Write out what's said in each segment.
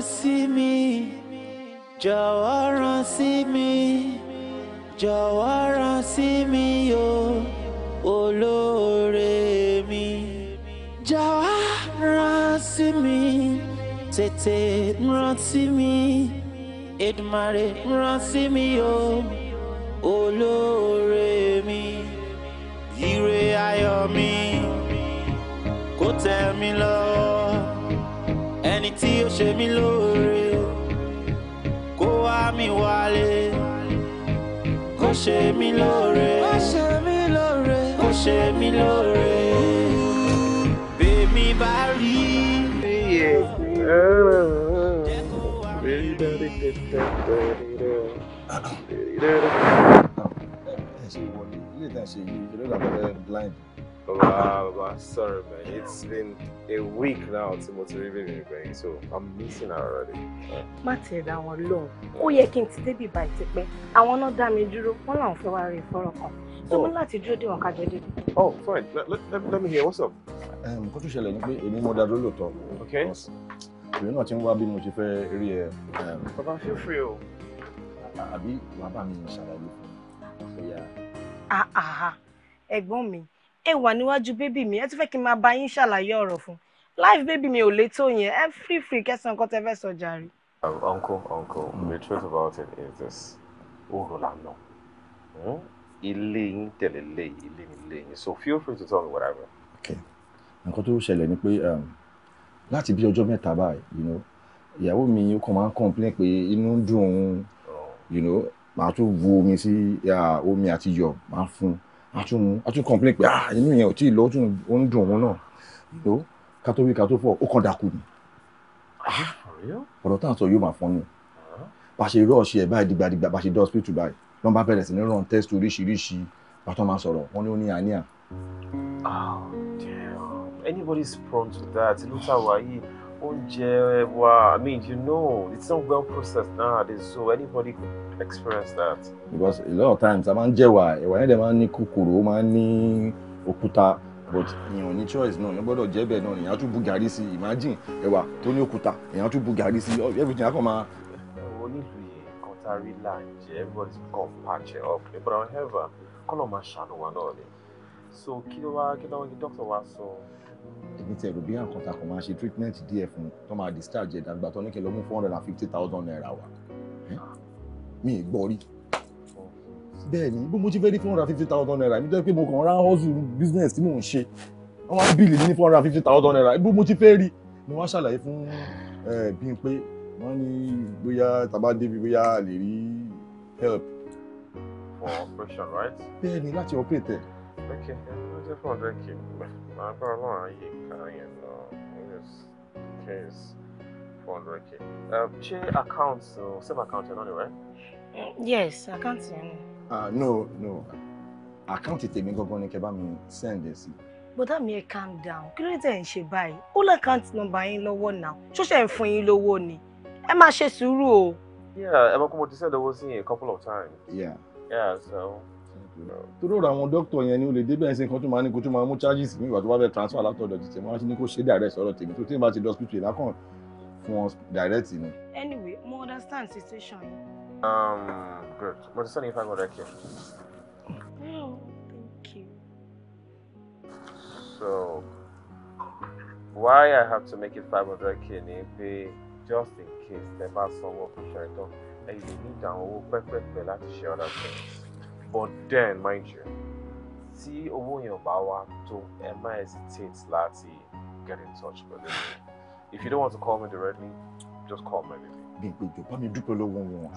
rán sí mi jọ̀wọ́ rán sí mi jọ̀wọ́ rán sí mi o olóore mi jọ̀wọ́ rán sí mi tètè rán sí mi Èdùmàrè rán sí mi o olóore mi ire ayọ̀ mi kó tẹ̀ mí lọ tí ó ṣe mí lóore kó wá mi wálé kó ṣe mí lóore kó ṣe mí lóore kó ṣe mí lóore bèmí bá rí. ẹ ṣe wọlé ilé ìtaṣe yìí ìṣẹ̀lẹ̀ ìdàgbàsẹ blind. Baba, Baba, sorry man. It's been a week now tí mo ti rí bèbè mi so I'm missing her already. Mate, I want love. Oh yeah, yẹ kí n ti débi ìbà ìtìpẹ́. Àwọn náà dá mi dúró. Wọ́n làwọn fẹ́ wá rí So mo oh. láti to do the one dé. Oh fine, let, let, let me hear what's up. Kó tó ṣẹlẹ̀ ni pé èmi mo dá dúró lóòótọ́. Okay. Ìrìn náà ti ń wá bí mo ṣe fẹ́ rí ẹ. Bàbá feel free o. Àbí wàá bá mi ah, fún ah, mi. Ah. Ẹ̀gbọ́n mi ẹ wà níwájú bébì mi ẹ tún fẹ́ kí n máa bá yín ṣàlàyé ọ̀rọ̀ fún life bébì mi ò létò yẹn ẹ free free kẹsàn-án kọ́ tẹ́ fẹ́ sọ jàre. Uh, uncle uncle the truth about it is this oorun la nà hmm? ilé yín tẹ̀lé lé yìí ilé mi lé so feel free to tell me what I mean. okay nǹkan tó ṣẹlẹ̀ ni pé um, láti bí ọjọ́ mẹ́ta báyìí ìyàwó mi ó kàn máa ń complain pé inú ń dùn òun oh. màá tún bu omi sí uh, omi àti yọ̀ máa fún un àtún àtún complain pé ah inú yẹn ò tí ì lọ ó ń dùn òun náà ló ká tó wí ká tó fọ ó kàn dákú ni ah, ọ̀rọ̀ tá à ń sọ yóò máa fọ́n nù uh-huh. bá ṣe rọ́ọ̀ ṣe ẹ̀ báyìí dìgbàdìgbà bá ṣe dé hospital báyìí lọ́n bá bẹ̀rẹ̀ sí ní ràn test oríṣiríṣi bàtọ́ máa sọ̀rọ̀ wọ́n ní ó ní àníyàn. Oh, anybody is prone to that ló ṣàwáyé oúnjẹ wa i mean you know it's not well processed nowadays so anybody could experience that. because a lot of times a máa ń jẹ̀wà ẹ̀wà yẹn dẹ̀ máa ń ní kòkòrò ó máa ń ní òkúta but èèyàn ní choice náà èèyàn gbọ́dọ̀ jẹ́ bẹ́ẹ̀ náà èèyàn á tún bu gàrí sí imagine ẹ̀wà tó ní òkúta èèyàn á tún bu gàrí sí everything á kàn máa. ẹ̀wọ̀n onílùú yìí kan tá a rí láǹjẹ́ everybody come patch up but however kọ́lọ̀ máa ṣàánú wa náà ni so kí ló wá kí ló wá kí dókítà wa sọ. So, èmi ti ẹ̀rù bí àǹkan takò máa ṣe treatment díẹ̀ fún tó máa discharge ẹ̀dá gbà tó ní kí n lọ mú four hundred and fifty thousand naira wá mi ì gbọ́ rí bẹ́ẹ̀ ni bí mo ti fẹ́ rí four hundred and fifty thousand naira mi jẹ́ pé mo kàn ra hustle business tí mò ń ṣe wọ́n wá bíìlì ní four hundred and fifty thousand naira bí mo ti fẹ́ rí mo wá ṣàlàyé fún Bímpé wọ́n ní bóyá tàbá débi bóyá lè rí help. for operation right. bẹ́ẹ̀ ni láti operate ẹ̀ okay, I just wonder, keep my brother on you carrying on this case for Ricky. Um, share accounts, uh, same account, you know, right? Yes, account. Ah no, no. Account tèmi gangan ni kẹ́ bá mi send ẹ But Bọ̀dá mi calm down. Kí ló tẹ̀ ń ṣe báyìí? All account number yín lọ́wọ́ náà. Ṣọ́ṣẹ́ ń fún yín lówó ni. Ẹ máa ṣe sùúrù o. Yeah, ẹ mọ̀ pé mo ti send owó sí a couple of times. Yeah. Yeah, so torí ọ̀rọ̀ àwọn dókítà yẹn ni o lè débẹ̀ ẹ̀sìn kan tó máa ní kó tó máa mú charges ní ìgbà tó bá fẹ́ transfer látọ̀dọ̀ ti tèmi wọ́n á ní kó ṣe direct sọ̀rọ̀ tèmi tó tèmi bá ti dọ́sítù ìlà kan fún ọ direct ni. anyway mo understand situation Um, good mo ti sọ ní ifá gbọdọ kí ẹ. oh thank you. so why I have to make it five hundred k ni pé just in case dem bá sanwó fún ṣẹ̀tọ́ ẹ̀yìn lè ní ìdáhùn owó pẹ́pẹ́pẹ́ láti ṣe ọ̀dà tẹ̀lé but then mind you tí owó yẹn bá wá tó ẹ má hesitate láti get in touch with me. if you don't want to call me directly just call me anyway. gbẹgbẹjọ bá mi dúpẹ́ lọ́wọ́ wọn.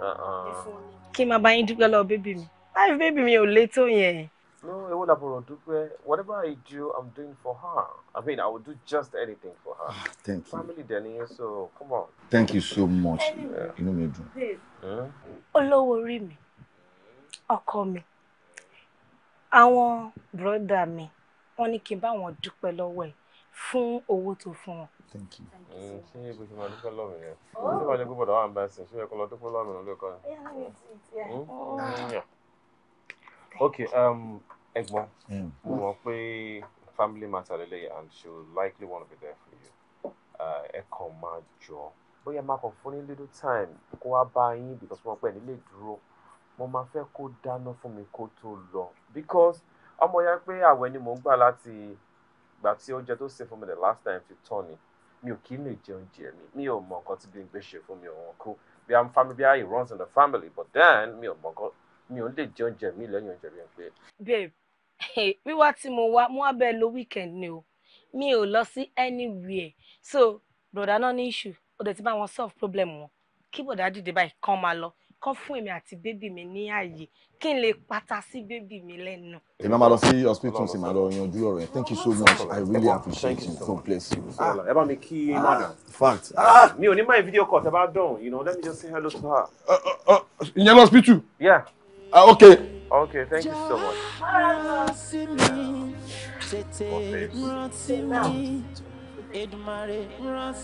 Uh-uh. kí n máa bá yín dúpẹ́ lọ́wọ́ bébì mi láì bébì mi ò lè tó yẹn. no ewu laburo dúpẹ́ whatever i do i'm doing for her i mean i will do just anything for her. Ah, thank you family deni so come on. thank you so much inú mi dùn. Hmm? olówó orí mi ọkọ mi àwọn bùrọ́dà mi wọ́n ní kí n bá wọn dúpẹ́ lọ́wọ́ ẹ̀ fún owó tó fún wọn. ṣé ibo ṣe máa dúpẹ́ lọ́wọ́ yẹn ṣé wàá jẹ́ pé bọ̀dọ̀ wà ń bá ẹsẹ̀ ṣé ẹ̀kọ́ lọ dúpẹ́ lọ́wọ́ mi lọ́dọ̀ kan. Hmm? ok um, ẹ̀gbọ́n hmm. mo mọ̀ pé family matter lélẹ́yìí and she will likely wanna be there for you ẹ kàn máa jọ bóyá máa kàn fún ní little time kó wá bá yín because wọ́n pẹ́ nílé dúró mo máa fẹ́ kó dáná fún mi kó tó lọ because ọmọ yẹn pé àwẹ̀ ni mò ń gbà láti gbà tí oúnjẹ tó ṣe fún mi the last time fi tán ni mi ò kí lè jẹ oúnjẹ mi mi ò mọ nǹkan tí Bímpé ṣe fún mi òun kú bí i'm family bí i runs in the family but then mi ò mọ nǹkan mi ò lè jẹ oúnjẹ mi lẹ́yìn oúnjẹ Bímpé. babe wíwá tí mo wá mo wá bẹ́ẹ̀ lo weekend ni o mi ò lọ sí anywhere so broda náà ní issue ó dẹ̀ ti bá wọn solve problem wọn kí broda dìde báyìí kàn máa lọ kọ́ fún èmi àti bébì mi ní ààyè kí n lè pata sí bébì mi lẹ́nu. èmi máa lọ sí hospital sì máa lọ yanjú ọ̀rọ̀ yẹn thank you so much i really appreciate you god bless ah, ẹ bá mi kí ah, madam. fact. Ah, mi ò ní máa video call tẹ bá dùn you know let me just say hello to her. Uh, uh, uh, ìyẹn lọ hospital. yeah. Uh, okay. okay thank you so much.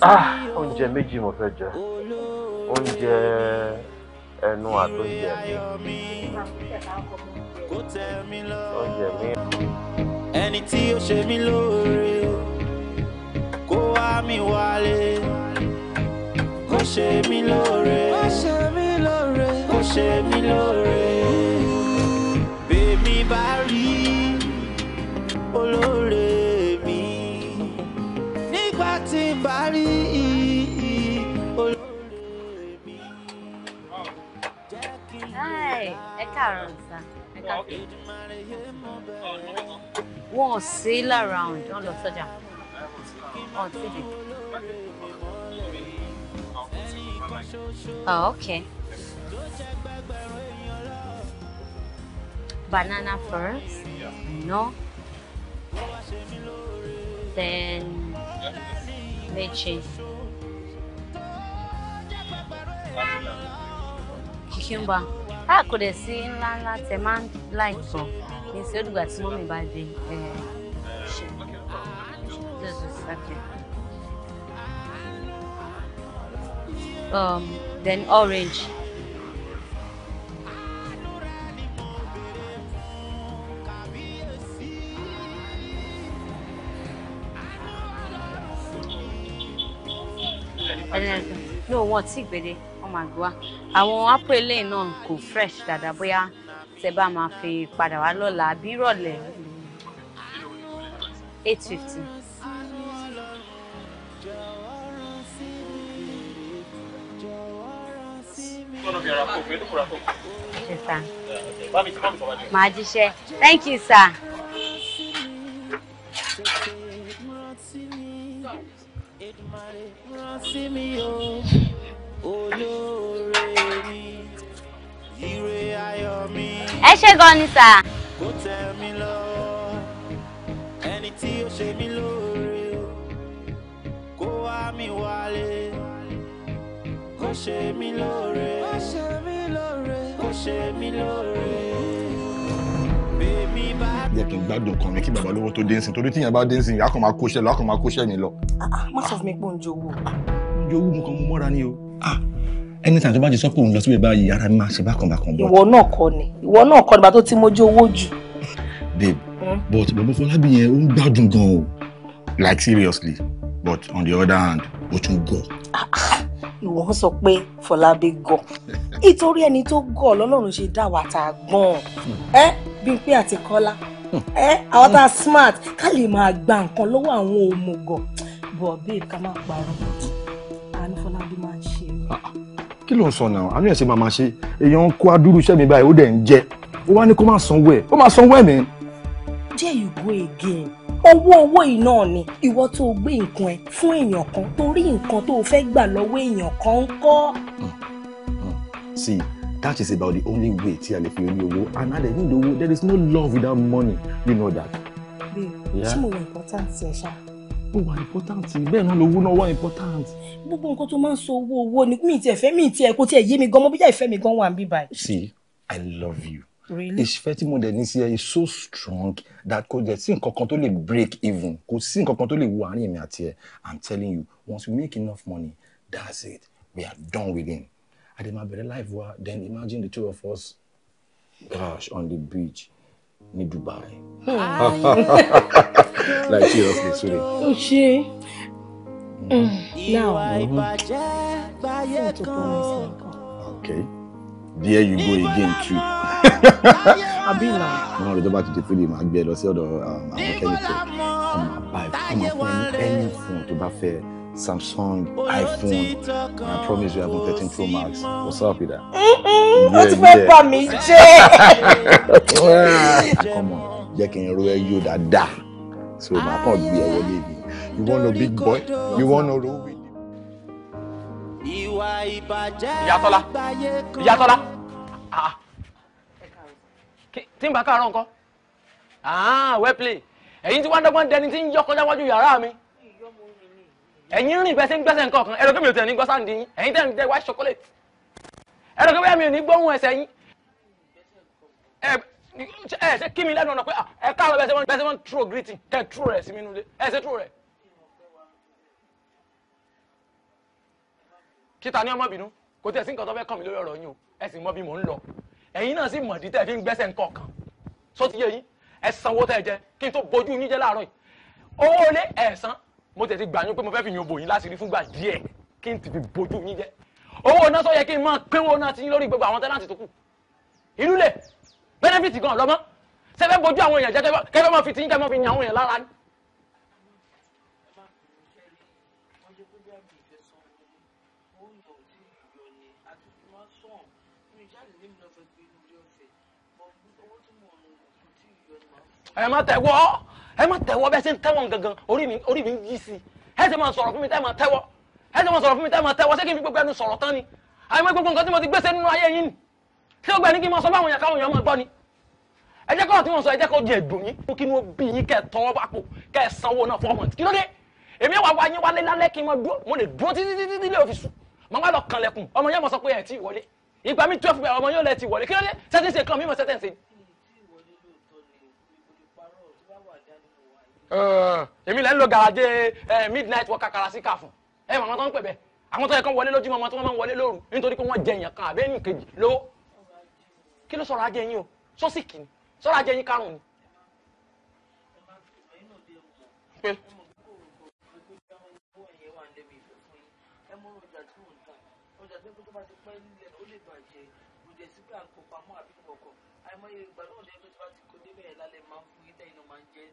ah oúnjẹ méjì mo fẹ́ jẹ oúnjẹ ẹnu àtúnjẹ mi oúnjẹ mi. ẹni tí ó ṣe mí lóore kó wá mi wálé kó ṣe mí lóore kó ṣe mí lóore kó ṣe mí lóore bèmí bá rí olóore. Carranza. Oh, okay. Wọn ò sí Oh, okay. Banana first. No. Then yeah. leche. cucumber a ah, kò dẹ̀ sí ńlá ńlá tẹ máa ń láì tán ní sí tí mọ́mì bá dé eh, ṣe um then orange. no wọn ti gbede máa gbé àwọn ápò eléyìí náà kò fresh dáadáa bóyá tẹ bá máa fi padà wá lọ́la àbí ìrọ̀lẹ́ eight fifty. Yes, jíṣẹ́. Thank you, sir. It might oh olóore mi ẹ ṣe gan ni sà. kò tẹ́ mi lọ ẹni tí ó ṣe mí lóore kó wá mi wálé kó ṣe mí lóore kó ṣe mí lóore yẹ kí n gbádùn kan mi kí bàbá lówó tó dé nsìn torí tíyẹn bá dé nsìn yà á kàn máa kóṣẹ́ lọ á kàn máa kóṣẹ́ mi lọ. Ah, ah, má sọ fún mi pé òun jowó. òun jowó mo mọ́ra ni o ah anytime tó bá jẹ sọ́pọ̀ òun lọ síbẹ̀ báyìí ara mi máa ṣe bákan bákan bọ́. ìwọ náà kọ́ ni ìwọ náà kọ́ ni bá tó ti mójú owó jù. babe hmm? but bàbá fọlábí yẹn ó ń gbádùn gan o like seriously but on the other hand ó tún gọ̀. Ah, ah, ìwọ ń sọ pé fọlábí gọ̀ nítorí ẹni tó gọ̀ lọ́lọ́run ṣe dá wa tá a gbọ́n ẹ hmm. eh, Bímpé àti Kọ́lá ẹ hmm. eh, àwọn tá a smart ká lè máa gba nǹkan lọ́wọ́ àwọn òmùgọ̀ bọ̀ babe ká má parọ́ àánú Fọlábí máa ń ṣe. Ah, ah. kí ló ń sọ náà àánú ẹ̀ ṣe máa máa ṣe èèyàn ń kó adúrú iṣẹ́ mi báyìí ó dẹ̀ ń jẹ́ ó wá ní kó máa sanwó ẹ̀ ó máa sanwó ẹ̀ mi. there you go again owó owó yìí náà ni ìwọ tó o gbé nǹkan ẹ fún èèyàn kan torí nǹkan tó o fẹ́ gbà lọ́wọ́ èèyàn kan ń kọ́. Hmm, hmm. see that is about the only way tí a lè fi rí owó and a lè ní owó there is no love without money you know that. babe yeah. tí mo wọ important ṣe ṣáà ó important bẹ́ẹ̀ náà lówó náà wà important. gbogbo nǹkan tó máa ń sọ owó owó ni mi tiẹ̀ fẹ́ mi tiẹ̀ kó tiẹ̀ yé mi gan mo bí yà ìfẹ́ mi gan wà ń báyìí. see i love you. really ìfẹ́ tí mo dẹ̀ ní sí ẹ is so strong that kò jẹ́ sí nǹkan tó lè break even kò sí nǹkan kan tó lè wo àárín èmi àti ẹ i'm telling you once we make enough money that's it we are done with him. ademabere life wa then imagine the two of us gosh on the beach ní Dubai. Hmm. like seriously sorry. o ṣe hmm. now mo fún to okay there you go again too. àbí ìlà. wọn rẹ tó bá ti di fúlì máa gbé ẹ lọ sí ọ̀dọ̀ uh, àwọn kẹ́míkẹ́ ọmọ àbá ẹ fún ọmọ fún ẹni fún ọ tó bá fẹ́ Samsung, iPhone, and I promise you iPhone 13 Pro Max. What's up with that? Wọ́n ti fẹ́ bá Come on, jẹ́ kí wear you that da. So my kàn be ẹ wọlé mi. You want a big boy, you wan no roll with. Ìyá Tọ́lá, Ìyá Tọ́lá, ah, ah. tí n bá káàárọ̀ nǹkan, ah, well played, ẹ̀yin tí wọ́n dọ́gbọ́n dẹni tí ń yọ kọjá wájú yàrá mi ẹ̀yin rìn gbẹ́sẹ̀ ń gbẹ́sẹ̀ nǹkan kan ẹ̀rọ kébìlì tẹ̀ ní gbọ́sáǹdì yín ẹ̀yin tẹ̀ ń jẹ́ white chocolate ẹ̀rọ kébìlì mi ò ní gbóhùn ẹsẹ̀ yín ẹ̀ ṣe kí mi lẹ́nu ọ̀nà pé ẹ̀ káàlọ́ bẹ́sẹ̀ wọ́n bẹ́sẹ̀ wọ́n tró greeting kẹ́ tró rẹ̀ sí mi nulẹ̀ ẹ̀ ṣe tró rẹ̀. kíta ní ọmọ bínú kò tí ẹ̀ sí nǹkan tó fẹ́ kàn mí lórí ọ̀rọ̀ yín o ẹ̀ sì mọ bí mò ń lọ ẹ̀yin náà sì mọ̀ dí tẹ́ fi ń gbẹ́sẹ̀ nǹkan kan só ti mo tẹ̀ ti gbà pé mo fẹ́ fi yín bò yín láṣìírí fúngbà díẹ̀ kí n ti fi bójú yín jẹ́ owó náà sọ yẹ kí n máa pínwó náà sí yín lórí gbogbo àwọn tẹ́láǹtì tó kù ìlú lè bẹ́nẹ́fìtì gan lọ́mọ́ sẹ́fẹ́ bójú àwọn èèyàn jẹ́ kẹfẹ́ máa fi ti yín kẹfẹ́ máa fi yàn àwọn èèyàn lára ni. ẹ má tẹ̀ wọ́ ẹ má tẹ̀wọ́ bẹ́ẹ̀ ṣe ń tẹ́wọ́ gangan orí mi orí mi ń yí sí i ẹ ṣe máa sọ̀rọ̀ fún mi tẹ́ máa tẹ́wọ́ ẹ ṣe máa sọ̀rọ̀ fún mi tẹ́ máa tẹ́wọ́ ṣé kí n fi gbogbo ẹnu sọ̀rọ̀ tán ni àìmọ́ gbogbo nǹkan tí mo ti gbèsè nínú ayé yín ni ṣé ó gbà ní kí n máa sọ fáwọn èèyàn káwọn èèyàn máa gbọ́ ni ẹ jẹ́ kọ́ọ̀ tí wọ́n sọ ẹ jẹ́ kó di ẹ̀dùn yín kí ni ó bí yín kẹ́ ẹ̀ tọwọ́ bá pò kẹ́ ẹ̀ sanwó náà fún ọmọ tí kí ló dé èmi wà wá yín wálé lálẹ́ kí n máa dúró mo lè dúró títí títí títí lè màá wá lọ kànlẹ̀kùn ọmọ yẹn mọ̀ sọ pé ẹ̀ tí wọlé ìgbà mi twelve ọmọ yóò lẹ̀ ti wọlé kí ló kan mi mọ̀ sẹ́tẹ̀ǹsì ni Eh, èmi lẹ́ ń garaje eh, midnight wọ kakara sí káfùn ẹ màmá tó ń pè bẹ́ẹ̀ àwọn tó yẹ kán wọlé lójúmọ́ ọmọ tó máa ń wọlé lóru nítorí pé wọ́n jẹ èèyàn kan àbẹ́yìn kejì lówó kí ló sọ̀rọ̀ ajé yín o sọ́sìkì ni sọ́rọ̀ ajé yín karùn-ún ni. pé àìmọye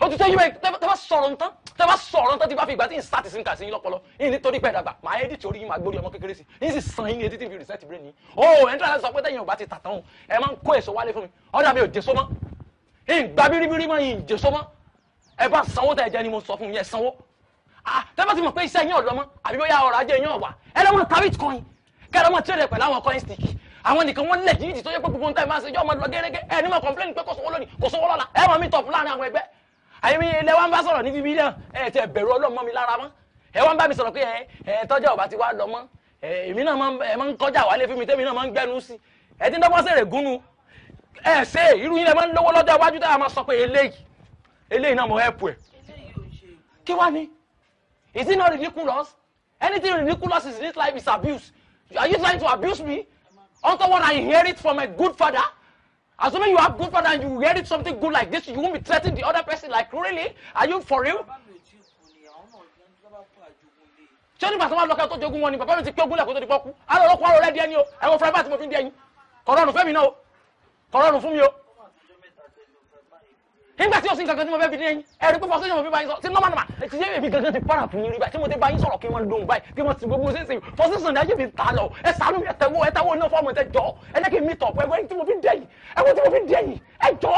ó ti tẹ́ yín báyìí tẹ́ bá sọ̀rọ̀ nǹkan tẹ́ bá sọ̀rọ̀ nǹkan tí bá fi ìgbà tí ń sáà ti sin kàsí yín lọ́pọlọ yín nítorí pẹ́ dàgbà màá ẹ́dìtì orí yín màá gbórí ọmọ kékeré sí yín sì san yín etí tí n fi rìsẹ́ẹ̀tì bírè ní. o ẹ̀ ń tọ́ra láti sọ pé tẹ́yìn ọ̀bá ti tàtàn o ẹ máa ń kó èso wálé fún mi ọ̀dà mi ò jẹ́ sọ́mọ́ yín gba bíríbírí mọ́ yín jẹ́ sọ́mọ́ ẹ bá sanwó tẹ́ jẹ́ ni mo sọ fún yín ẹ sanwó. stick àwọn nìkan wọn lẹ̀ jìbìtì tó yẹ pé gbogbo nǹkan máa ń ṣe yọ ọmọ lọ gẹ́gẹ́ ẹ ní mọ̀ complain pé kò sówó lónìí kò sówó lọ́la ẹ mọ̀ mi tọ̀pù láàrin àwọn ẹgbẹ́ àyẹ̀mí ilẹ̀ wa ń bá sọ̀rọ̀ ní bíbí náà ẹ ti bẹ̀rù Ọlọ́run mọ́ mi lára mọ́ ẹ wá ń bá mi sọ̀rọ̀ pé ẹ ẹ tọ́jà ọba ti wá lọ mọ́ èmi náà máa ń kọjá wálé fún mi tẹ́mi náà máa ń gbẹ́nu sí ẹ ti ń dọ́gbọ́n sèrè gúnnu ẹ ṣe irú yín lẹ máa ń lówó lọ́jọ́ iwájú tá a máa sọ pé eléyìí eléyìí náà mo help ẹ kí wá ni is it not ridiculous anything ridiculous in this life is abuse are you trying to abuse me unto what I inherit from my good father. Assuming you have good father and you inherit something good like this, you won't be threatening the other person. Like, really? Are you for real? ṣé nígbà tó máa lọ́kẹ́ tó jogún wọn ni bàbá mi ti pé ogún lẹ́kọ̀ọ́ tó di pọ́kú alọ́lọ́kọ́ alọ́lẹ́dí ẹni o ẹ̀wọ̀n fúnra bá ti mo fi ń di ẹyin kọ̀rọ̀ọ̀nù fẹ́mi náà o kọ̀rọ̀ọ̀nù fún mi o nígbà tí o sì kankan tí mo fẹ́ bi ní ẹyin ẹ̀rí pé fọ́sẹ́yìn mo fi bá yín sọ sí normal normal ẹ̀ ti yé èmi gangan ti para fún yín rí báyìí tí mo ti bá yín sọ̀rọ̀ kí wọ́n lóhùn báyìí kí wọ́n ti gbogbo ṣe ń sìn fọ́sẹ́sìn ní ayé mi ta lọ ẹ sàánú ẹ tẹ̀wọ́ ẹ tẹ̀wọ́ náà fọ́ọ̀mù ẹ jọ ẹ jẹ́ kí n mi tọ̀ ẹ̀wọ́ tí mo fi dẹ̀ yìí ẹ̀wọ́ tí mo fi dẹ̀ yìí ẹ jọ.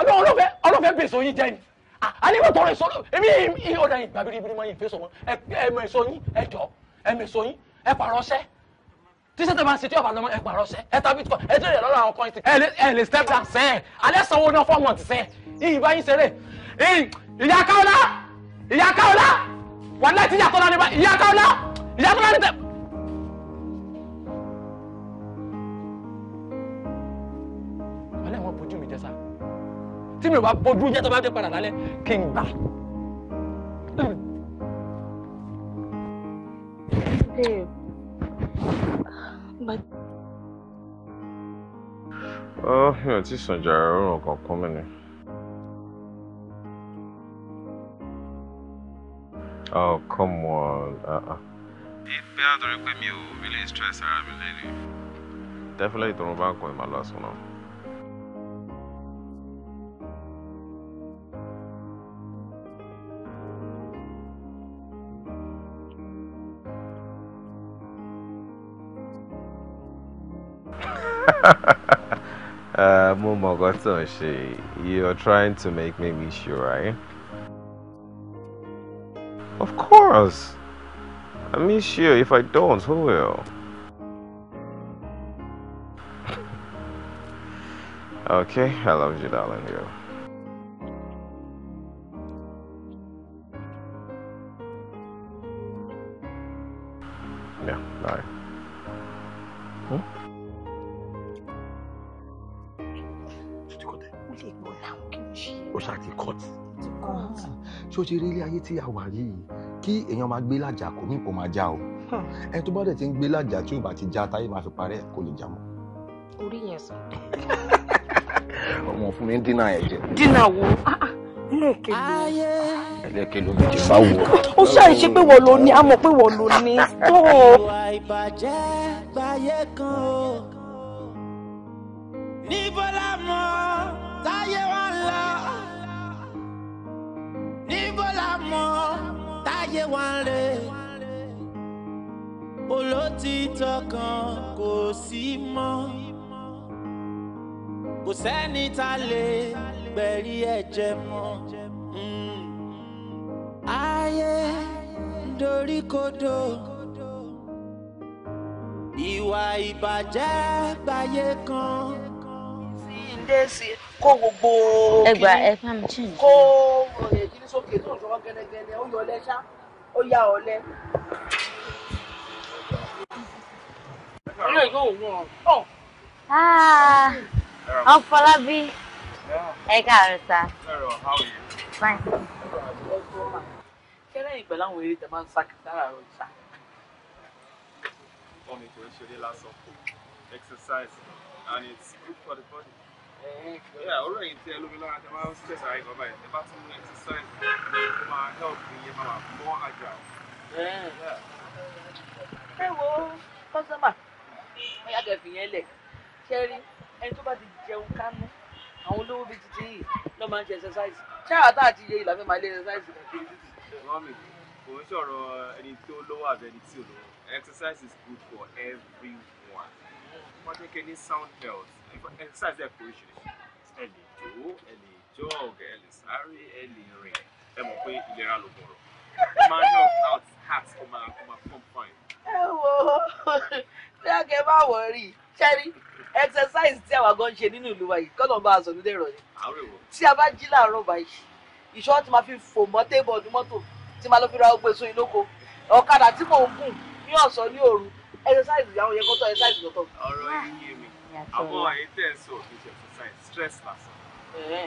ọlọ́run ọlọ́fẹ́ bèsò yín tí sẹ́tẹ̀ bá ń ṣe tí ọ̀bà lọ́mọ ẹ gbà rọ́ṣẹ́ ẹ ta bitcoin ẹ tẹ̀lé lọ́rọ̀ àwọn kọ́ńtì ẹ lè step down sẹ́ẹ̀ alẹ́ sanwó náà fọ́ọ̀mù ọ̀tí sẹ́ẹ̀ ìyìn bá yín ṣeré ìyá káwọlá ìyá káwọlá wàá láti ìyá tọ́lá ní bá ìyá káwọlá ìyá tọ́lá ní tẹ̀. alẹ́ wọn bójú mi jẹ sá tí mi ò bá bójú jẹ́ tó bá dé padà lálẹ́ kí n gbà. babe but. ọ mi ò tí sùn jàre oorun kankan mi ni. oh come on. bí a dọ̀rọ̀ pé mi ò really stress ara mi lẹ́nu. definitely tó ń bá ń kọ́ ẹ̀ máa náà. Mogoton she you're trying to make me miss you, right? Of course! I miss you. If I don't, who will? okay, I love you, darling girl. láyé tí a wà yìí kí èèyàn máa gbé lájà kò ní kó máa já o hmm. ẹ tó bá dẹ̀ ti ń gbé lájà tí ò bá ti já táyé máa fi parẹ́ kò lè já mọ́. orí yẹn sàn. ọmọ fún mi dínà ẹ jẹ. dínà wo ẹlẹ́ẹ̀kejì. Ah, ah, ẹlẹ́ẹ̀kejì ló ń jẹ báwo. ó ṣàì pé wọ́n ló ní a pé wọ́n ló ní. níbo la mọ̀ táyé wa. láyé wa lè olótìtọ́ kan kò sí mọ́ kò sẹ́ni tá a lè gbẹ̀rí ẹ̀jẹ̀ mọ́ hmm. ayé dorí kodò ìwà ìbàjẹ́ gbayé kan. Ndesi kó gbogbo kí kó kí ní sókè tó ń sọ gẹ́gẹ́ ó yọ lẹ́sà ó yá ọ lẹ. Ah, Ọ̀fọlábí ẹ káàárọ̀ sá. kẹ́lẹ́yìn pẹ̀lú àwọn eré tẹ̀ máa ń sá kìtàrà rẹ̀ sá. wọ́n mi kò ń ṣeré lásán exercise and it's good for the body ọ̀rọ̀ yìí tí ẹ lómi lára tí a máa ń stress ara ìgbà báyìí ẹ bá tún exercise ó máa help iye máa mọ́ àjà. ẹ wo kọ́sọ́mà ẹ̀yà kẹfì yẹn lẹ̀ ṣe rí ẹni tó bá ti jẹun kánú àwọn olówó bíi títí yìí ló máa ń ṣe exercise ṣáà tá àti iye ìlànà máa lé exercise kàkiri títì. mọ́mì kò ń sọ̀rọ̀ ẹni tó lówó àbẹ́ni tí ò lówó exercise is good for everyone wọ́n ní kí sound health exercise ẹ̀ kò oríṣiríṣi ẹ lè jó ẹ lè jog ẹ lè sáré ẹ lè rìn ẹ mọ̀ pé ìlera ló bọ̀rọ̀ ẹ máa ní ọ̀gá ọ̀tí heart kó máa kó máa pump fine. ẹ wo bí a kẹ bá wọ rí ṣẹ́rí exercise tí àwa gan ṣe nínú ìlú wa kọ́nà bá a sọ nílé ìrọ̀lẹ́ tí a bá jí láàárọ̀ báyìí ìṣọ́ ti máa fi fò mọ́ tébọ̀ọ̀dù mọ́tò tí máa lọ fi ra ọgbẹ́ sóyin lóko ọ̀kadà tí mò ń gùn ní ọ̀sán ní òru exercise àwọn yẹn kọ́ tó exercise lọ́tọ̀. ọ̀rọ̀ yìí yé mi àwọn èyí tẹ̀ ń sọ kì í ṣe exercise stress lásán. ẹ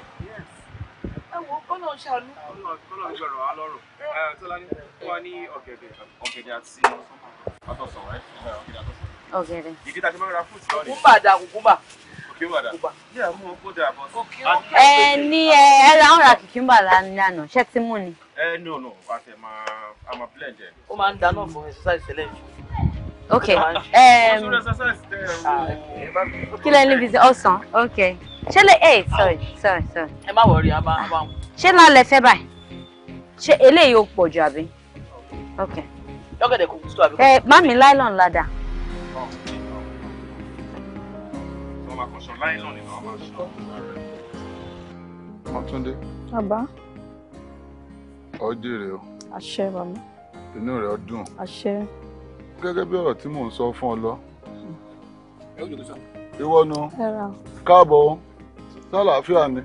wo kọ́nà ń ṣàánú. kọ́nà ń jọ̀rọ̀ wá lọ́rùn tọ́lání wá ní ọ̀gẹ̀dẹ̀ ọ̀gẹ̀dẹ̀ àti ọ̀tọ̀sọ̀ ọ̀gẹ̀dẹ̀ àtọ̀sọ̀. ọ̀gẹ̀dẹ̀. ìdí ẹ ní ẹ ẹ ra ń ra kìkìmbà lánàá ṣé tí mú ni. ẹ eh, no no a tẹ máa a máa blend ẹ. ó máa ń dáná fún exercise tẹ́lẹ̀ jù. ok ah, oh. kí lẹ́yìn níbi tí ọ̀sán ok ṣé lè ẹ eh, sorry sorry sorry. ẹ má wọrí a bá wọn. ṣé lálẹ́ fẹ́ báyìí ṣé eléyìí ó pọ̀ jù àbí. ok. lọ́gẹ̀dẹ̀ kò kú sí àbí. ẹ má mi láìlọ́n ládàá. Oh láyé náà ni màá máa Mọ́túndé. Bàbá. Ọ jèrè o. Àṣẹ bàbá. Inú rẹ̀ ọ dùn. Àṣẹ. Gẹ́gẹ́ bí ọ̀rọ̀ tí mò ń sọ fún ọ lọ. Ìwọ nu. Káàbọ̀ o. Sálàáfíà ni.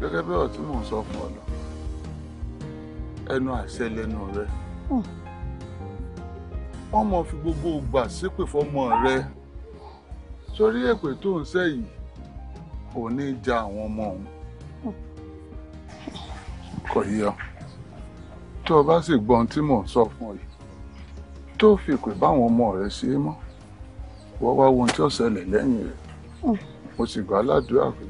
Gẹ́gẹ́ bí ọ̀rọ̀ tí mò ń sọ fún ọ lọ. Ẹnu àṣẹ lẹnu rẹ. Wọ́n mọ̀ fi gbogbo ògbà ṣépè fọmọ rẹ sórí èpè tó ń ṣe yìí ò ní ja àwọn ọmọ òun kò yíyọ tó o bá sì gbọ́ ohun tí mò ń sọ fún ọ yìí tó fi pè báwọn ọmọ rẹ ṣe é mọ́ wọ́n wá ohun tí ó ṣẹlẹ̀ lẹ́yìn rẹ̀ mo sì gbà ládùúrà pé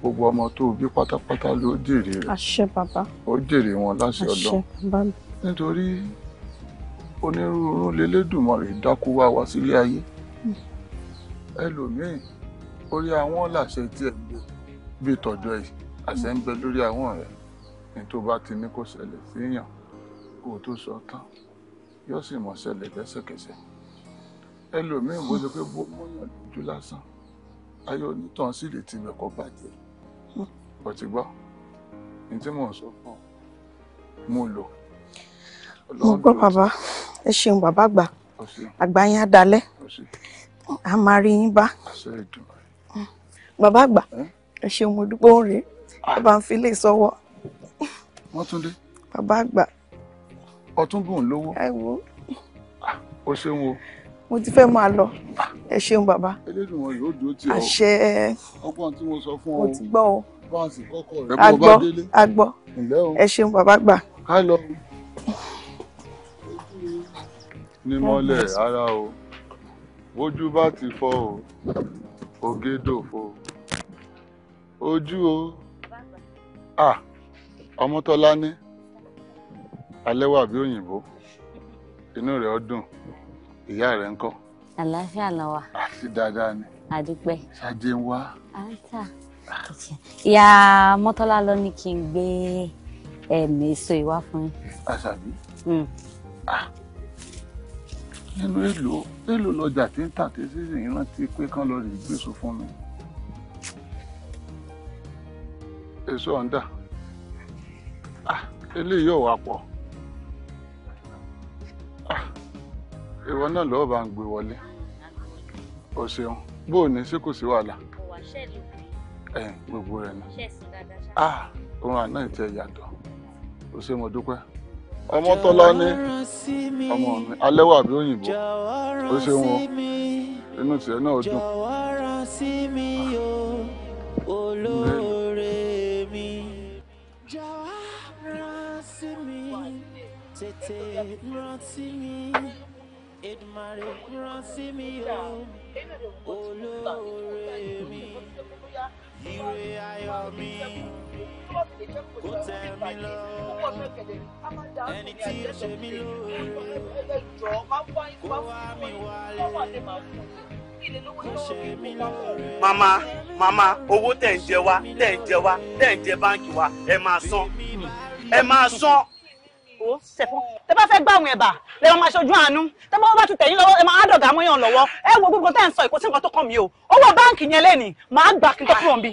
gbogbo ọmọ tó bí pátápátá ló jèrè rẹ̀ ó jèrè wọn láṣẹ Ọlọ́run nítorí onírúurú lelédùnmọ̀ rẹ̀ dákú wá wá sílé ayé ẹlòmíín orí àwọn làṣẹ tí ẹ gbé bíi tọjọ yìí àṣẹ ń bẹ lórí àwọn rẹ ní tó bá ti ní kó ṣẹlẹ̀ síyàn kó o tó sọ tán yóò sì mọ ṣẹlẹ̀ lẹ́sẹ̀kẹsẹ̀ ẹlòmíín bó ṣe pé bó mọyàn lójú lásán ayé onítàn sì lè ti bẹ̀kọ́ bàjẹ́ ọtí gbọ́ ní tí mò ń sọ fún mo lò. mo gbọ́ bàbá ẹ ṣeun bàbá àgbà àgbà yẹn á dalẹ̀ a máa rí yín bá bàbá àgbà ẹ ṣeun mo dúpẹ́ òun rèé ah. ẹ bá ń fi lè sọ́wọ́. wọ́n tún dé. bàbá àgbà. ọtún bùn lówó. ẹ wo. Ah, o ṣeun o. mo ti fẹ́ máa lọ ah. ẹ ṣeun bàbá. elédùn wọn yóò dúró tì ọ. àṣẹ. ọgbọ́n tí mo sọ fún ọ. mo ti gbọ́ o. báńsì kọ́kọ́ rẹ bó bá délé. a gbọ́ a gbọ́ ẹ ṣeun bàbá àgbà. ká lọ. ní mọ́lẹ̀ ara o. ojú bá ti fọ o ògédòfo ojú o à ọmọtọ́lá ní alẹ́ wà bí òyìnbó inú rẹ̀ ó dùn ìyá rẹ̀ ńkọ́. àlàáfíà la wà. àti dáadáa ni. àdúpẹ́. ṣáde ń wá. ìyá mọ́tọ́lá ló ní kí n gbé ẹ̀mí èso ìwá fún yín. àṣàbí. Hmm. nínú èlò èlò lọjà tí ń tà tí sísè yín rántí pé kán lọ rèé gbèsò fún mi. èso ọ̀ǹda ah, eléyìí ò wá pọ̀ ah, ìwọ náà lọ́wọ́ bá ń gbé wọlé o ṣeun bó o ní sí kò sí wàhálà gbogbo rẹ̀ ni òun ah, àná ìtẹ̀ yàtọ̀ o ṣe mo dúpẹ́ ọmọ tọ́lá ní ọmọ mi alẹ́ wà bí òyìnbó ó ṣe wọn inú tiẹ̀ náà dùn. Tètè ayọ̀ mi. Mama, mama, mi lọ ẹni tí ó ṣe mí owó tẹ̀ ń jẹ wá tẹ̀ ń jẹ wá tẹ̀ ń jẹ báǹkì wa ẹ máa san ẹ máa san. ó sẹ̀fọ́n tẹ bá fẹ́ gbà àwọn ẹ̀bà lẹ máa ṣojú àánú tẹ bá wọn bá ti tẹ̀yìn lọ́wọ́ ẹ máa dọ̀gà mọ́ yàn lọ́wọ́ ẹ wo gbogbo tẹ̀ ń sọ ìkó nǹkan tó kàn mí o owó báǹkì yẹn lẹ́nìí máa gbà kí n tó kúrò ń bí.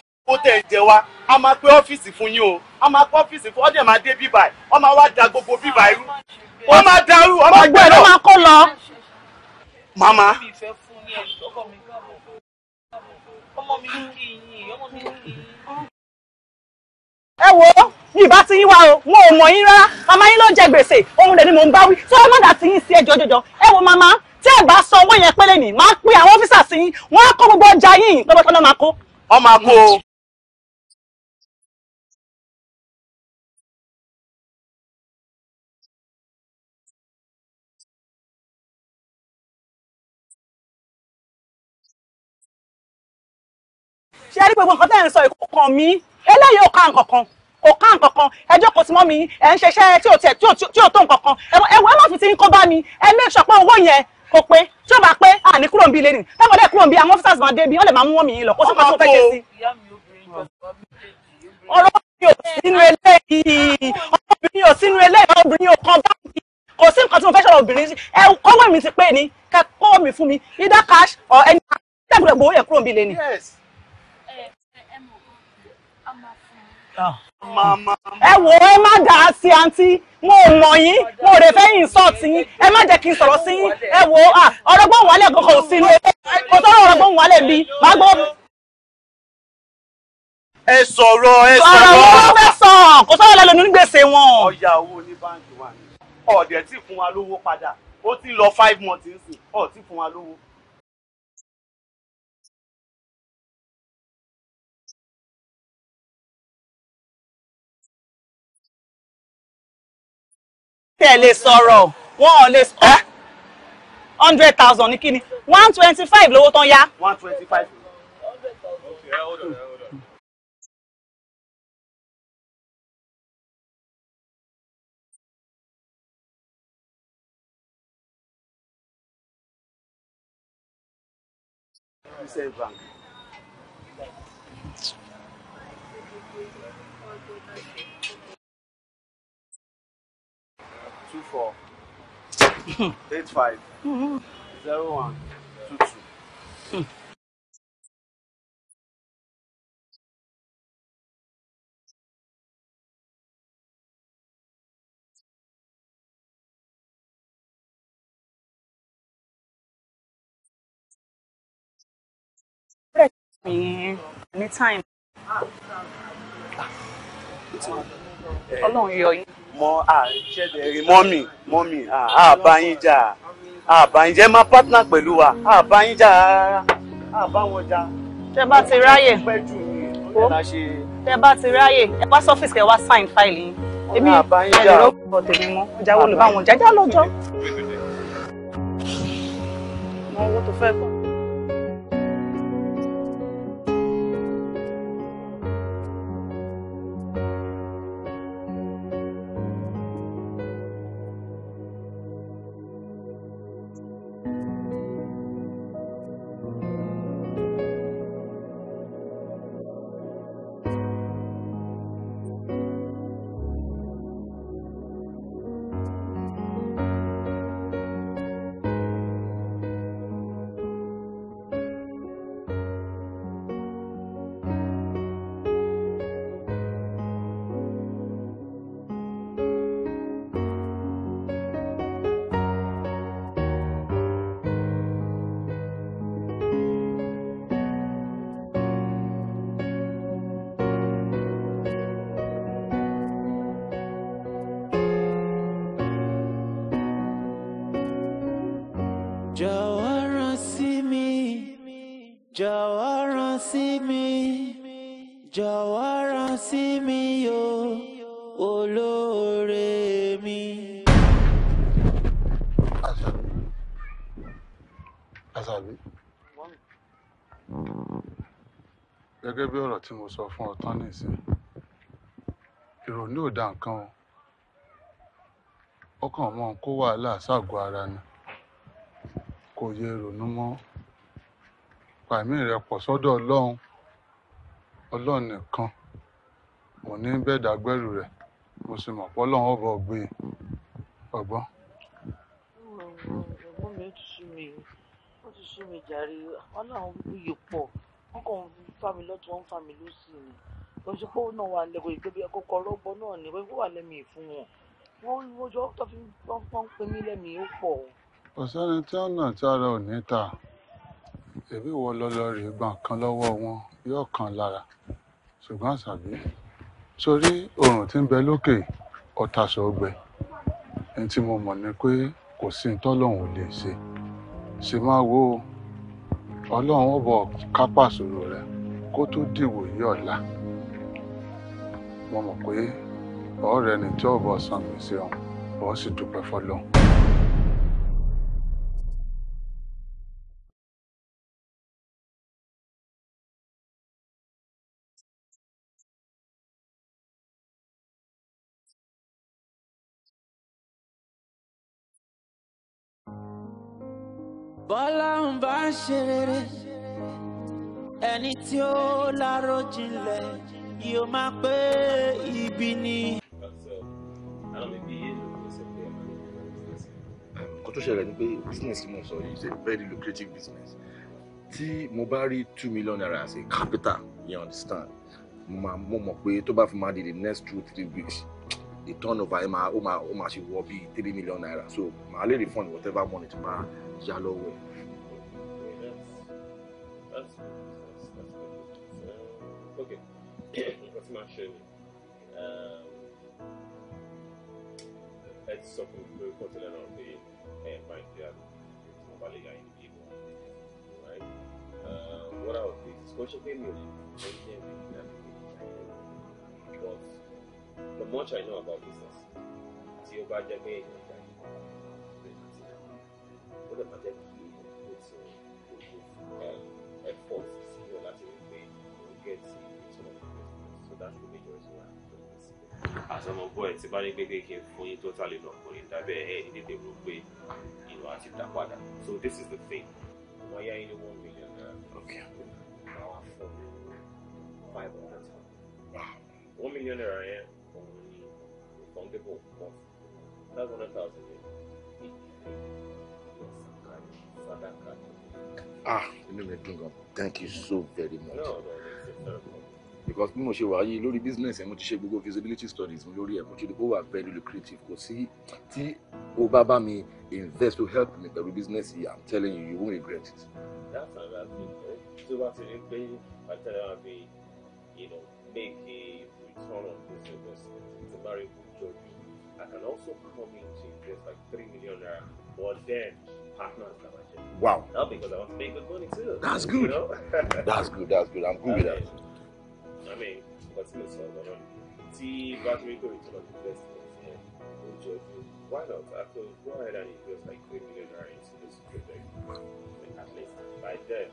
kó tẹ̀ a pé ọ́fíìsì fún yín o a máa pé ọ́fíìsì fún ọ́dẹ̀ máa dé ọ ma wá da gbogbo ọ máa darú ọ máa gbẹ lọ. ọgbẹ́ ló lọ. màmá. ẹ wo ìbá ti yín wá o ò rárá màmá yín ló gbèsè òun ni mò ń bá wí tí sí yín sí màmá ṣe rí gbogbo nǹkan tẹ́ ẹ̀ ń sọ ìkọ̀kan mi eléyìí ò ká nǹkan kan kò ká nǹkan kan ẹjọ́ kò sí mọ́ mi ẹ̀ ń ṣeṣẹ́ tí ò tiẹ̀ tí ò tó nǹkan kan ẹ̀wọ̀n ẹ̀wọ̀n ti ń kó bá mi ẹ make sure pé owó yẹn kò pé tí ó bá pé à ní kúrò lé nì táwọn ọdẹ kúrò àwọn officers máa dé bí wọ́n lè máa mú wọ́n mi yín lọ kó sí fẹ́ kò sí nǹkan tí mo fẹ́ ṣọ̀rọ̀ obìnrin sí ẹ kọ́wé mi ti pé ni kẹ́kọ́ mi fún mi either cash or any ẹ wò ẹ má dà á sí àǹtí mo ò mọ̀ yín mo ò lè fẹ́ yín sọ́ọ̀tì yín ẹ má jẹ́ kí n sọ̀rọ̀ sí yín ẹ wò ọ̀rọ̀gbọ́n wàlẹ̀ kankan ò sí ilé kò sọ̀rọ̀ ọ̀rọ̀gbọ́n wàlẹ̀ bí màá gbọ́. ẹ sọ̀rọ̀ ẹ sọ̀rọ̀ ọ̀rọ̀ wọn fẹ́ sọ kò sọ̀rọ̀ lẹ́nu onígbèsè wọn. ọ̀yà owó ní báńkì wa ni ọ̀dẹ̀ tí fún wa lówó padà ó ti lọ five months nsìn ọ̀ tí fún wa tẹ́ ẹ lè sọ̀rọ̀ wọn ò lè sọ hundred thousand ní kíni one twenty five lówó tán yá. one twenty five. Okay, hold Bank. two four eight five zero one two two. yẹn ah, it's time. Ọlọ́run yọ yín. mọ àṣẹbẹrin mọmì mọmì àbáyín jà àbáyín jẹ máa pátánà pẹ̀lú wa àbáyín jà rárá àbáwọn jà. tẹ bá ti ráyè ó tẹ bá ti ráyè ẹ wá sọ́fíìsì ẹ wá sáìn fáìlì yín èmi ẹ lè rọ́pò tèmi mọ́ ìjà wo ló bá wọn jà já lọ́jọ́. mo wo tó fẹ́ kọ́. jọ̀wọ́ rán sí mi jọ̀wọ́ rán sí mi o olóore mi. Àṣàbí Àṣàbí gẹ́gẹ́ bí ọ̀rọ̀ tí mo sọ fún ọ tán nìsín ìrònú ò da nǹkan o ọkàn mọ́ kó wàhálà ságọ́ ara ni kò yẹ ìrònú mọ́ pa ẹ̀mí rẹ pọ̀ sọ́dọ̀ ọlọ́run ọlọ́run nìkan mo ní bẹ́ẹ̀ dàgbẹ́rù rẹ̀ mo sì mọ̀ pọ́ lọ́run ọ̀bọ̀ gbé e ọgbọ́n. ọgbọ́n mi ti sú mi ó ti sú mi jàre wọn láwọn wúyè pọ̀ wọn kàn ń fa mi lọ́tún wọn ń fa mi lọ́sì ni wọ́n ti pọ́ náà wà lẹ́kọ̀ọ́ ìgbébí akókò ọlọ́gbọ́n náà ni wọ́n wà lẹ́mìí fún wọn wọ́n wọ́n jọ tó fi wọ́n pè mí lẹ́mìí ó pọ̀. kò sẹ́ni tí ó nà tí ara ò ní ta ṣebí ìwọ ló lọ rè gba nǹkan lọ́wọ́ wọn yóò kàn lára ṣùgbọ́n àṣàbí sórí oòrùn tí ń bẹ lókè ọ̀tàṣọ ọgbẹ ẹni tí mo mọ̀ ni pé kò sí ní tọ́lọ́hún ò lè ṣe ṣe máa wo ọlọ́run ó bọ̀ kápá sọ̀rọ̀ rẹ kó tó dìwò yí ọ̀la mo mọ̀ pé ọ̀rẹ́ ni tí ọ̀bọ̀ san gbèsè ọ̀hún ọ̀ sì dúpẹ́ fọlọ́hún. bọ́lá ń bá ṣe rere ẹni tí ó láró jinlẹ̀ yóò máa pé ibi ni. kó tó ṣẹlẹ̀ ni pé business mo sọ yìí is a very lucrative business tí mo bá rí two million naira as a capital you understand mo mọ̀ pé tó bá fi máa di the next two three weeks the turnover ẹ máa ó máa ṣe wọ bíi three million naira so màá lè refund whatever money tó máa yá lọ́wọ́ Okay. What's my show? Um, ẹ ti sọ fún mi lórí pọ́tẹ́lẹ̀ náà pé ẹ bá ń What I would do the much I know about business tí ó bá ó lè má jẹ́ kí o ti ojú eh, effort sí ọ láti rí pé o get ìtumọ̀ ìgbésí so that should be your reason why àtọmọ bọ ẹ tí bá ní gbégbé kí n fún yín tó tálẹ náà kò ní dábẹ ẹ ní tètè rò pé ìlú àti dá padà so this is the thing. wọ́n yá yín ní one million naira. okay. àwọn fún five hundred thousand. one million naira yẹn òun ni refundable cost five hundred thousand yẹn ah inú mi dùn gan thank you so very much because bí mo ṣe wà yìí lórí business ẹ mo ti ṣe gbogbo feasibility studies mi lórí ẹ mo ti rí ó wà very lucrative kò sí tí o bá bá mi invest to help me pẹ̀lú business yìí i'm telling you you won't regret it. that's another eh? thing tí o bá ti rí pé àtẹ̀lẹ́ you know make a return on this investment to marry good job i can also come in to invest like three million naira. or that Wow. Now because I want to make good money too. That's good. You know? that's good, that's good. I'm good with mean, that. I mean, what's the on? See, battery investments and enjoy food. Why not? I could go ahead and invest like 3 million into this project. at least by then,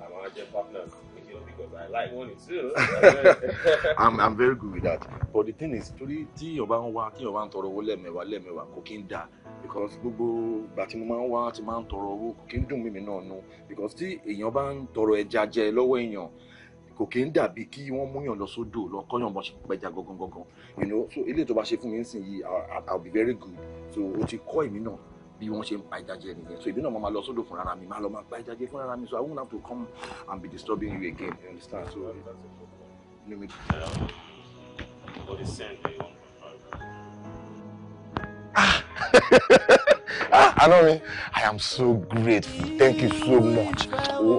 I'm our partners. because I like money too. I'm I'm very good with that. But the thing is, torí tí o bá ń wá kí o bá ń tọrọ owó lẹ́mẹ̀wá lẹ́mẹ̀wá kò kí ń dà because gbogbo ìgbà tí mo máa ń wá ti máa ń tọrọ owó kò kí ń dùn mímí náà nu because tí èèyàn bá ń tọrọ ẹja jẹ lọ́wọ́ èèyàn kò kí ń dàbí kí wọ́n múyàn lọ sódò lọ kọ́yàn bọ́ ṣe pẹja gangan gangan you know so ilé tó bá ṣe fun mi nísìnyí I'll be very good so o ti kọ́ èmi náà bí wọ́n ṣe ń pa ìdájẹ́ nìyẹn so èmi náà mo máa lọ sódò fúnra mi máa lọ máa pa ìdájẹ́ fúnra mi so I won't have to come and be disturbing you again you understand so inú ah Anomi ah, I am so grateful thank you so much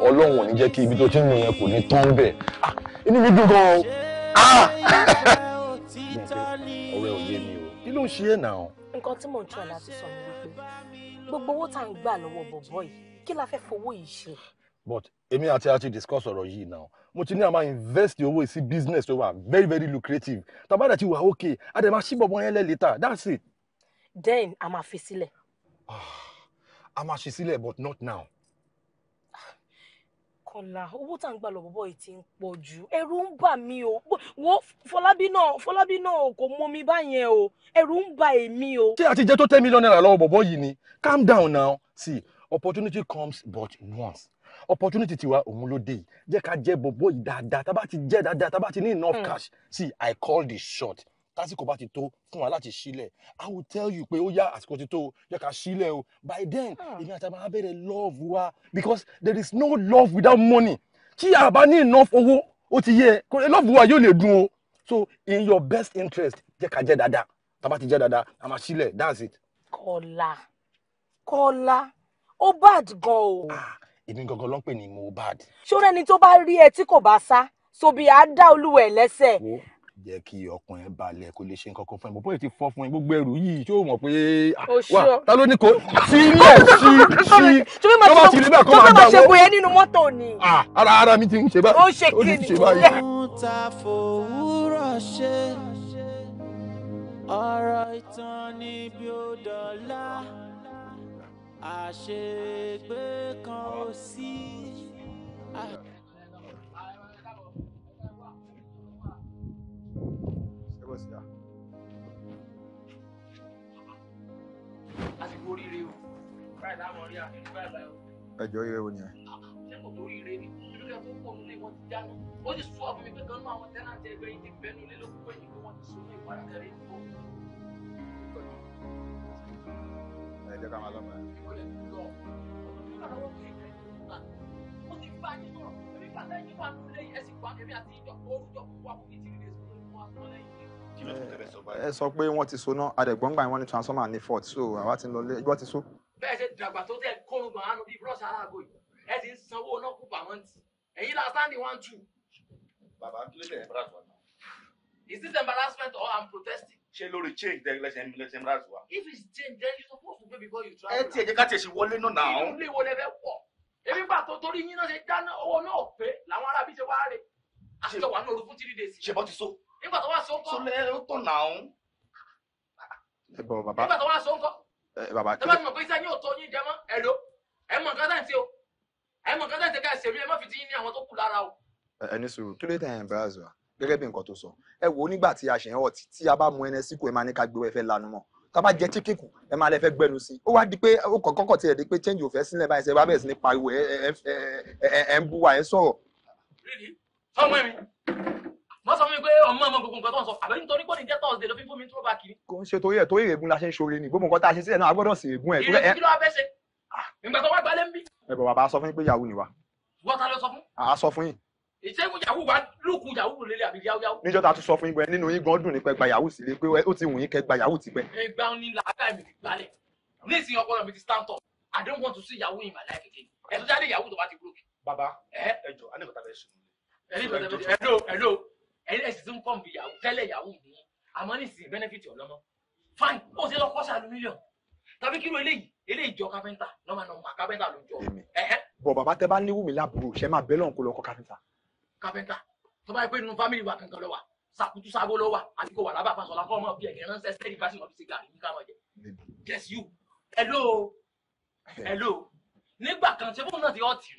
Ọlọ́run ò ní jẹ́ kí ibi tó ti ń yẹn kò ní tán bẹ́ẹ̀ ah inú mi dùn gan ah ọ̀rẹ́ ò mi o kí ló ń ṣe é náà nǹkan tí mò ń tọ́ láti sọ ni wípé gbogbo owó tá à ń gbà lọ́wọ́ bọ̀bọ̀ yìí kí la fẹ́ fowó yìí ṣe. but èmi àti àti discuss ọ̀rọ̀ yìí now mo ti ní àmà invest owó sí business tó wà very very lucrative tàbá dẹ̀ ti wà okay àdè máa ṣí bọ̀bọ̀ yẹn lẹ́ later that's it. then a máa fi sílẹ̀. Ah, a máa ṣe sílẹ̀ but not now. Kọ́lá owó tá à ń gbà lọ bọ́bọ́ yìí ti ń pọ̀ jù ẹ̀rù ń bà mí o wo Fọlábí náà Fọlábí náà kò mọ mi báyẹn o ẹ̀rù ń bà èmi o. ṣé àti jẹ́ tó tẹ́ mílíọ̀nù náírà lọ́wọ́ bọ̀bọ̀ yìí ni calm down now see opportunity comes but once opportunity tiwa òun ló dé yìí jẹ́ ká jẹ́ bọ̀bọ̀ yìí dáadáa tá bá ti jẹ́ dáadáa tá bá ti ní enough hmm. cash see I call the shot tásìkò bá ti tó fún wa láti sílẹ̀ i will tell you pé ó yá àsìkò ti tó yẹ ká sílẹ̀ o by then ah. èmi àti àbá abẹ́rẹ́ love wa because there is no love without money tí a bá ní enough owó ó ti yẹ love wa yóò lè dùn o so in your best interest jẹ́ ká jẹ́ dáadáa tá a bá ti jẹ́ dada. a máa sílẹ̀ that's it. kọ́lá kọ́lá ó bad gan o. Ah, èmi gangan ló ń pè ní mo bad. ṣó rẹ́ni tó bá rí ẹ tí kò bá sá sobi àá dá olúwẹ̀ lẹ́sẹ̀ jẹ́ kí ọkàn ẹ balẹ̀ kó lè ṣe nǹkan kan fún ẹ bọ́ bóyá ti fọ́ fún ẹ gbogbo ẹrù yìí tí ó mọ̀ pé ah, wà ta ló ní kó sílẹ̀ sí sí tó bá ti lè bẹ́ẹ̀ kó máa gbà wọ́. tó bá ṣe bóyá nínú mọ́tò ni. Ah, ara ara mi ti ń ṣe báyìí ó ṣe kí ni ó ta fòwúrọ̀ ṣe ọ̀rọ̀ ìtàn ni bí ó dọ̀la àṣegbé kan ò sí. bọ̀ sí à. àsìkò oríire o báyìí láwọn rí àfihàn báyìí báyìí o. ẹjọ ire wo ni ẹ. ṣé kò tó ríire ni nígbà tó kó nílé wọn ti dáná ó sì sọ fún mi pé kan náà àwọn tẹ́láńtì ẹgbẹ́ yìí ti bẹ́nu lé lókun pé yìí pé wọ́n ti sọ ní ìpàdé kẹrin tó. ẹ jẹ́ ká máa lọ́mọ ẹ. ìkọlẹ̀ tó lọ ọ̀dọ̀ tó lọ́wọ́ tó yẹ kẹ́ ó ti bá yín sọ̀rọ̀ èmi bàtà yín wà lórí ẹ̀sìn pa èmi àti ìjọ orúkọ wà fún ìtìrìlẹ̀ sí fún wa sọ lẹ́yìn ẹ sọ pé wọ́n ti so náà adẹ̀gbọ́ngbà wọn ní transformer ní fort so àwa ti lọ lé ẹjọ́ ti so. bẹ́ẹ̀ ṣe dàgbà tó tẹ̀ kọ́nu gbọ̀n ánú bíi bros aláàgọ́ yìí ẹ ti ń sanwó náà kú pàmọ́ǹtì èyí la standing one two. bàbá kí ló dé ẹ̀mí rásùwà náà. is this embarrassment or i'm protesting. ṣé lórí change dẹ lẹsẹ lẹsẹ rásùwà. if it's change then you suppose to pay before you travel. ẹ tiẹ̀ jẹ́ ká tiẹ̀ wọlé náà náà. inú ilé wo lẹ fẹ́ wọ̀ èmi gbà tó torí yín náà ṣe dáná owó náà pé làwọn arábí ṣe wá rè àṣìṣe nígbà tó wá so ńkọ́. sọlẹ ó tọ̀ nà ó. ẹ bọ bàbá nígbà tó wá so ńkọ́. ẹ bàbá kí ló. ẹ bá ti mọ̀ pé iṣẹ́ yóò tó yín jẹ mọ́ ẹ ló ẹ mọ̀ nǹkan tẹ̀ o ẹ mọ̀ nǹkan tẹ̀ ká ẹ ṣèlú ẹ má fi ti yín ní àwọn tó kù lára o. ẹ ní sùúrù kí ló dé ẹ̀ ń bá gẹ́gẹ́ bí nǹkan tó sọ ẹ wò nígbà tí a ṣe ń ọtí tí a bá mu ẹnẹ síkù ẹ máa ní ká gbé ẹfẹ lanu mọ tá jẹ chicken ẹ máa lẹ fẹ gbẹnu sí i ó wá di pé ó kàn kọ́kọ́ tiẹ̀ di pé change ò fẹ́ sílẹ̀ báyìí ṣe bá ní pariwo ẹ ẹ ẹ ń bú ẹ ń ọmọ mi mọ sọ fún mi pé ọmọ ọmọ gbogbo nǹkan tó ń sọ àbẹ nítorí pé òní jẹ tọọsidé ló fi fún mi tó bá kiri. kò ń ṣe torí ẹ torí èrègùn la ṣe ń ṣoore ni gbogbo nǹkan tá a ṣe sílẹ̀ náà a gbọ́dọ̀ sí èrègùn ẹ. ìrègùn kí ló wá fẹ́ ṣe ah. ìgbà tó wá gbalẹ̀ ń bí. ẹ bọ̀ bàbá sọ fún yín pé yahoo ni wa. wọ́n ta ló sọ fún. àá sọ fún yín. ìṣègùn yahoo wa lókun yahoo lélẹ̀ àbí yahoo yahoo. níjọ́ ta tún sọ fún yín pé nínú yín gan dùn ní pẹ́ gba yahoo sílé pé ó ti wù yín kẹ́ gba yahoo ti stand up I don't want to see yahoo in my life again. ẹ̀ tó jáde yahoo tó bá ti broke. bàbá ẹ jọ anìkọ̀tà bẹ́ẹ̀ sùn. ẹ ẹ̀yin ẹ̀sìn tó ń pọ̀ mí yahoo tẹ́lẹ̀ yahoo ni àmọ́ nísìnyí benefit ọlọ́mọ fine ó ṣe lọ kọ́ṣà lu mílíọ̀nù tàbí kí ló eléyìí eléyìí jọ kápẹ́ńtà nọ́mà nọ́mà kápẹ́ńtà ló jọ. bọ̀ bàbá tẹ bá níwùmí láàbùrù ṣe máa bẹ́lọ̀ kó lọ kọ́ kápẹ́ńtà. kápẹ́ńtà tó bá yẹ pé nínú fámìlì wa kankan lọ wa sakutu sago ló wa àti kò wà lábà fásọ la fọmọ bí ẹgẹ ránṣẹ́ sẹẹdì bá sì wọn fi sìgá ní ká mọ jẹ. yes you hello hello nígbà kan ṣe fóònù náà ti ọ̀tì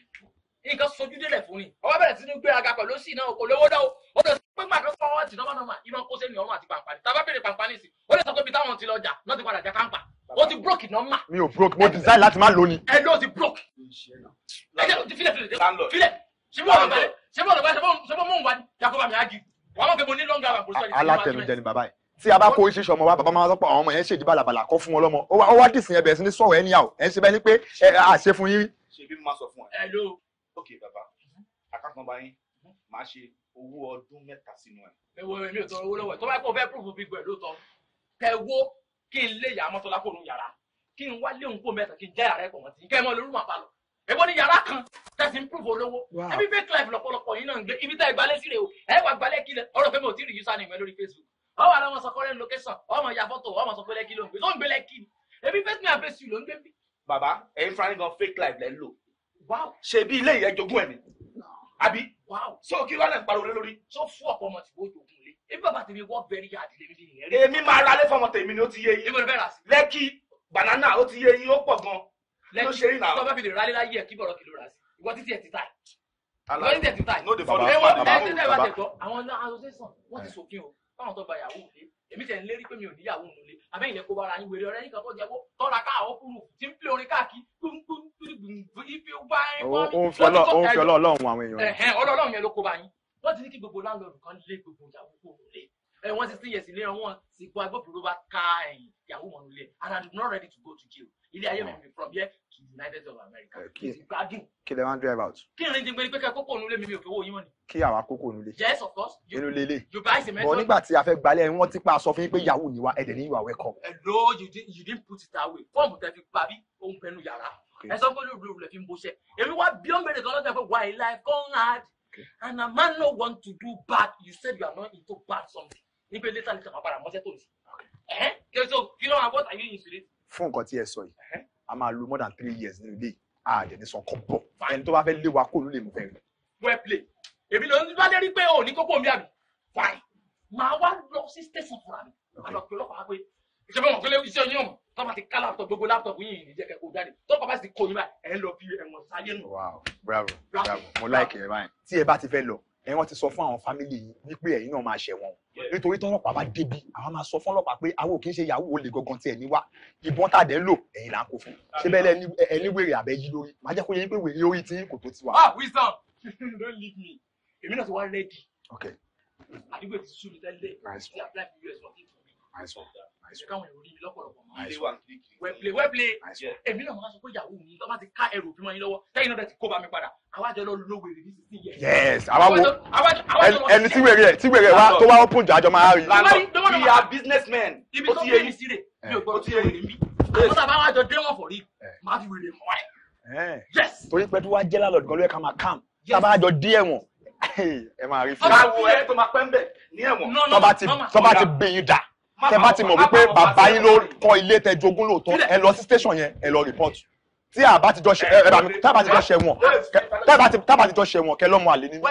nǹkan sojú délẹ̀ fún ni ọwọ́ bẹ̀rẹ̀ sí ní gbé aga pẹ̀lú sí náà kò lówó náà ó lọ sí pé gbàgbé fún ọwọ́ àti nọ́mà iná kó sẹ́ni ọ̀run àti pàǹpánì tàbá béèrè pàǹpánì sí ó lè sọ pé ibi táwọn ti lọ jà náà ti padà jà káńpà ó ti broke nọ́mà. mi ò broke mo design láti má lóni. ẹ ló ti broke. ẹ jẹ́ filẹ̀ filẹ̀ filẹ̀ ṣé mo lọ bá ṣé mo lọ bá wá ní yakuba mi á mọ̀ pé mo ní lọ́ngà àwọn àpòlùsọ̀rọ̀ alátẹnujẹ ni bàbá yìí tí a bá kó iṣẹ́ ọmọ wa bàbá máa sọpọ̀ àwọn ọmọ yẹn ṣèdí bàlàbàlà kọ́ fún wọn lọ́mọ ó wá dìsìn ẹ sí ní sọ̀rọ̀ ẹ níyàwó ẹ ń ṣe bẹ́ẹ̀ ni pé ẹ à ṣe fún yín. ṣèbí mo máa sọ fún ẹ. ok bàbá àkàkùn bá máa ṣe owó ọdún mẹ́ta sínú ẹ̀. ẹ wo èmi ò tọrọ owó lọ́wọ́ ẹ̀ tó bá kó fẹ́ púrúfù bí gbẹ̀ lóòótọ́ kẹ wo kí n lé yàrá mọ́tò lápò òun yàrá kí n wá lé òun kó mẹ́ta kí n jẹ́ yàrá ẹ̀ pọ̀ wọ́n ti kẹ́ ẹ mọ́ lórúkọ àbálọ̀ èwo ni yàrá kan tẹ̀sí púrúfù olówó ẹbí fake life lọ́pọ̀lọpọ̀ yín náà ń gbé ibi tá ìgbálẹ̀ sí rè o ẹ wà gbálẹ̀ kílẹ̀ ọ̀rọ̀ pé mi ò tí ì rí yín sani ìwé lórí Facebook ọwọ́ àlọ́ wọn sọ kọ́rẹ́ location ń gbé tó ń so kí wọn náà pariwo lé lórí so fún ọ̀pọ̀ ọmọ tìbó ìjòkun lé ebi bàbá tèmi wọ́n bẹ̀rẹ̀ yà àdìlẹ̀ mi ti yẹn rí. èmi máa ra lẹ́fọ̀mọ tèmi ni ó ti yé yín lẹ́kì banana ó ti yé yín ó pọ̀ gan ló ṣe yín náà. lọ́ba fi lè rálé láyé ẹ̀ kí bọ̀rọ̀ kìlọ̀ rà sí ìwọ títí ẹ̀ ti tà ìwọ títí ẹ̀ ti tà ìwọ abẹ́yìn lẹ́kọ́ bára yín wèrè ọ̀rẹ́ nìkan tó jẹ́ kó tọ́ra ká àwọn kúrú tí ń pè orin káàkiri kúrúkúrú ibi bá ẹ bá mi. ó ń fi ọlọ́run àwọn èèyàn. ọlọ́run yẹn ló kó bá yín wọ́n ti ní kí gbogbo láńlọ́ọ̀dù kan lé gbogbo ìyàwó kó lé ẹ wọ́n sixteen years ilé wọn sìnkú agbófinró bá ká ẹ̀yìn eh, ìyàwó mọ̀nú ilé and I am not ready to go to jail ilé ayé mi mi hmm. from here to United States of America èsì eh, gbádùn. kí lè wọn drive out. kí n rìn jẹ́ pé kẹ́ kókó onúlé mi mi ò fẹ́ owó yín mọ́ ni. kí àwa kókó onúlé. yes of course. inú lele bọ̀ nígbà tí a fẹ́ gbalẹ̀ wọ́n ti pa aṣọ fún yín pé yahoo ni wa ẹ̀dẹ̀ ní ìwà wẹ́kọ̀. hello you eh, didn't you didn't put it away fọ́ọ̀mù tẹ fi parí ohun pẹ̀lú yàrá ẹ sọ pé olóògbé rẹ fi ń bó ṣẹ èmi wá bí ó ń bèrè kan lọ́sẹ̀ pé why life gone hard and a man no want to do bad you said you are not into bad something nígbà létà ní kàmá padà mọ́sẹ́ tó ń sìn. ẹ so kí ló wà bọ́tà yìí ìṣúlẹ̀. fún nǹkan tí ẹ sọ yìí a máa lo more than three years nínú ilé àdẹ̀ ní sàn kọ́ bọ̀ ẹni tó bá fẹ́ lé wa kó ló lè mú fẹ́rẹ̀. well play èmi ló ń bá dé rí pé ò ní kókó mi àbí fine màá wá lọ sí station fúnra mi màá lọ pé ọlọ́pàá pé ìjọba ìwọ̀n kí lè iṣẹ́ yín ọ̀mọ̀ tó bá ti ká láptọ̀ gbogbo láptọ̀ fún yìnyín jẹ́ kẹ́kọ̀ọ́ jáde tó bá bá sì kó yín báyìí ẹ̀ ń lọ wow bravo bravo mo like ẹ báyìí tí ẹ bá ti fẹ́ ẹ ti sọ fún àwọn fámìlì yìí wípé ẹ̀yin náà máa ṣẹ̀ wọ́n nítorí tọ́lọ́pàá bá débi àwọn máa sọ fún ọlọ́pàá pé àwọn kì í ṣe ìyàwó olè gangan tiẹ̀ ní ìbọn tàdé ń lò ẹ̀yin là ń kó fún ṣé ẹni wèrè àbẹ́ yí lórí màá jẹ́ kó yẹ pé wèrè orí tí kò tó ti wà. ah wisdom don't leave me èmi náà ti wá rẹ́ẹ̀dì àdúgbò ti sú mi tẹ́lẹ̀ àìsàn káwọn èrò níbi lọ́pọ̀lọpọ̀ mọ́. wẹ́pìlẹ̀ wẹ́pìlẹ̀ èmi náà máa sọ pé ìyàwó mi lọ́ba ti ká ẹni tí wèrè tí wèrè wa tó wá open jù àjọ máa rí. we are business men. ibi tó fi mi síre mi ò gbọ́dọ̀ tí èrè mi. àwọn tàbá wa jọ dé wọn fọ̀ rí eh. fi wèrè mọ́ ẹ. Eh. yes. torí pé tó wá jẹ́ lálọ́ọ̀dù gan ló ká máa calm tàbá jọ dé ẹ̀wọ̀n ẹ máa rí fún mi. báwo ẹ tó máa pẹ́ ń bẹ̀ ní ẹ̀wọ̀n. tọ́ba ti bí dà tẹ bá ti mọ̀ wípé bàbá yín ló kọ́ ilé tẹ jogún lóòótọ́ ẹ lọ sí station yẹn ẹ lọ report tí a bá ti jọ ṣe ẹ bá mi tá a bá ti jọ ṣe wọn tá a bá ti jọ ṣe wọn kẹ lọ́mọ àlè nínú.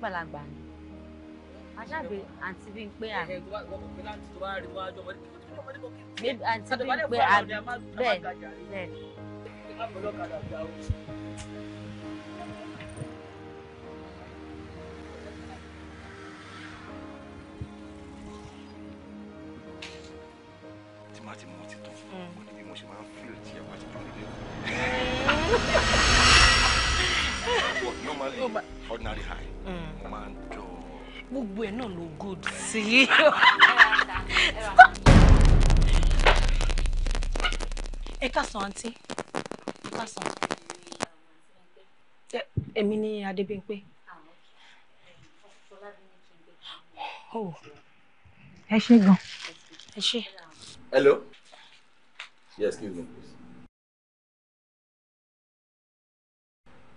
àgbàlagbà ni aṣáàbí àǹtí bíi pé àmì àǹtí bíi pé àmì bẹ́ẹ̀ bẹ́ẹ̀. gbogbo ẹ̀ náà ló good sí. ẹ káàsán àǹtí ẹ káàsán. ni adébímpé. Oh. ẹ ṣé gan. ẹ ṣé. hello. yes excuse me please.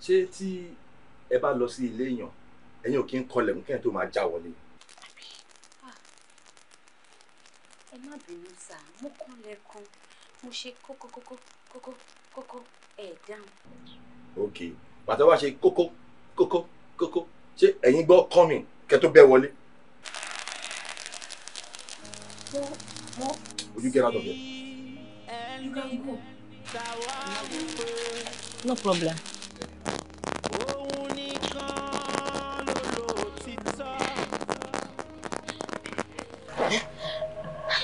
ṣé tí ẹ bá lọ sí ilé èèyàn ẹ̀yin ò kí ń kọlẹ̀ mú kẹ́hìn tó máa já wọlé. ẹ má bínú sá mo kọlẹ̀ kan mo ṣe kókó kókó kókó kókó ẹ̀ dáhùn. ok pàtó wá ṣe kókó kókó kókó ṣé ẹ̀yin gbọ́ kọ́mìn kẹ́ tó bẹ́ wọlé. mo mo. Will you get out of here? You can go. No problem.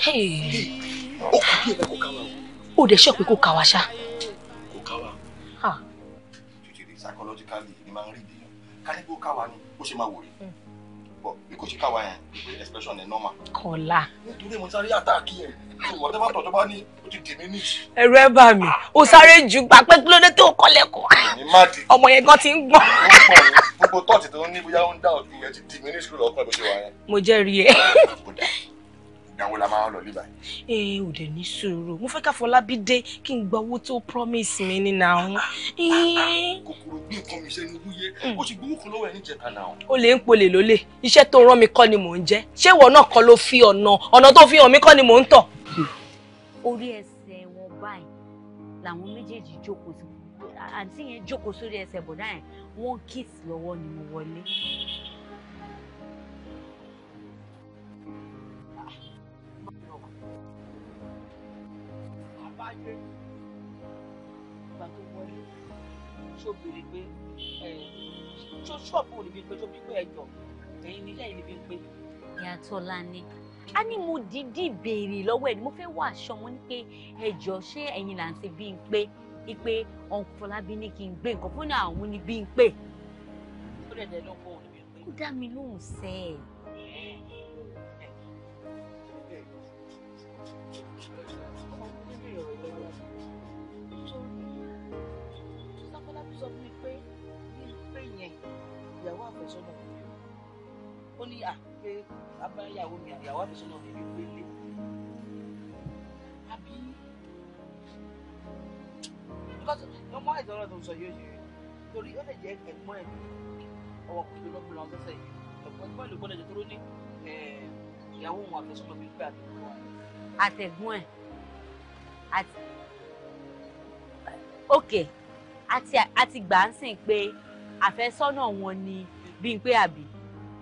ó kà bí ẹ̀ka kò ká wa o. ó dẹ̀ ṣọ́ọ̀pù kò ká wa ṣá. kò ká wa. jòjèrè psychologically ni máa ń rí ìdènà kálí kò ká wa ni ó ṣe máa wò rí bọ bí kò ṣe ká wa yẹn ìwé expression ẹ̀ normal. kọ̀ọ̀la. nítorí mo sáré àtàkì ẹ̀ wọ́n tẹ́ bá tọ̀jọ́ bá ní ó ti dì mí ní. ẹ̀rù ẹ bà mí o sáré jù gbà pé kí ló dé tó kọ́lẹ́kọ̀ọ́ ọmọ yẹn gan ti ń gbọ́n. gbogbo tọ́ọ̀tì tó ń ní bóyá ó ń dá ọ̀dùn yẹn ti dì mí ní sùkúlù ọkọ̀ ìbòṣèwà yẹn. mo jẹ́rìí ẹ ìgbàwo la máa ń lọ níbàyí. ẹ ò dẹ̀ ní sùúrù mo fẹ́ ká Fọlábí dé kí n gba owó tó promise mi ní náà. kòkòrò gbé nǹkan mi sẹ́nu wúyé hmm. ó ti gbowó kan lọ́wọ́ ẹ̀ níjẹta náà. o lè ń polè lólè iṣẹ́ tó rán mi kọ́ ni mò ń jẹ́ ṣé ìwọ náà kọ́ ló fi ọ̀nà ọ̀nà tó fi hàn mí kọ́ ni mò ń tọ̀. orí ẹsẹ̀ wọn báyìí làwọn méjèèjì jókòó sí àǹtí yẹn jókòó sórí ẹsẹ̀ bọ̀dá yẹn wọ́n kiss lọ́wọ́ ni mo wọlé ayé ìgbà tó wọlé ṣó béèrè pé ṣó ṣọ́ọ̀bù ò ní bí pé ṣó bí pé ẹ̀jọ̀ ẹ̀yin nílẹ̀ yìí ní bí pé. ìyàtọ̀ la ní a ní mo dídí béèrè lọ́wọ́ ẹ̀ ni mo fẹ́ wọ aṣọ mo ní pé ẹ̀jọ̀ ṣé ẹ̀yin là ń ṣe bí n pé i pé ọ̀nkù Fọlábí ní kí n gbé nǹkan fún àwọn ní bí n pé. ó dẹ̀ dẹ̀ lọ́wọ́ ò ní bí n pé. ó dá mi lóhùn sẹ́ẹ̀. àfẹ́sọ́nà mi o ó ní à pé abáyàwó mi àyàwó àfẹ́sọ́nà mi rí gbélé àbí because ọmọ ẹ̀dọ́ ọ̀rọ̀ tó ń sọ yóò ṣe torí ó lè jẹ́ ẹ̀gbọ́n ẹ̀ ọwọ́ kúndé lọ́kùnrin ọ̀sẹ̀ sẹ́yìn ẹ̀gbọ́n ẹ̀gbọ́n ìlú gbọ́dọ̀ jẹ́ tó ló ní ìyàwó òun àfẹ́sọ́nà mi gbé àtẹ̀gbọ́n ẹ̀. àti ok àti àti gbà ń sìn pé àfẹ́sọ́nà wọn ni. Okay bíi pé àbí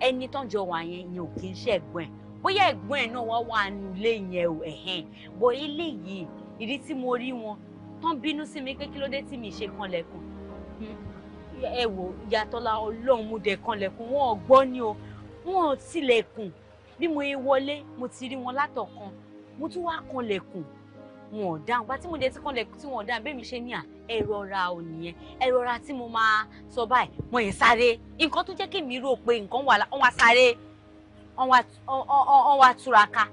ẹni tó ń jọ wà yẹn yẹn ò kí ń ṣẹ̀gbọ́n ẹ̀ bóyá ẹ̀gbọ́n ẹ̀ náà wọ́n wà nù ilé yẹn o ẹ̀hẹ́n bọ̀ ilé yìí ìdí tí mo rí wọn tán bínú sí mi pé kí ló dé tí mi ṣe kanlẹ̀kùn hmm, ẹ wò ìyàtọ̀lá ọlọ́run mo dẹ̀ kanlẹ̀kùn wọn ò gbọ́ ni o wọn ò tilẹ̀kùn bí mo ye wọlé mo ti rí wọn látọ̀kan mo tún wá kanlẹ̀kùn wọn ò dáhùn gba tí mo dé tí kàn lẹ tí wọn ò dáhùn bẹ́ẹ̀ mi ṣe ní à ẹ rọra ò nìyẹn ẹ rọra tí mo máa sọ báyìí mo yẹn sáré nǹkan tó jẹ́ kí mi rò pé nǹkan wà wọ́n wá sáré wọ́n wá túraká.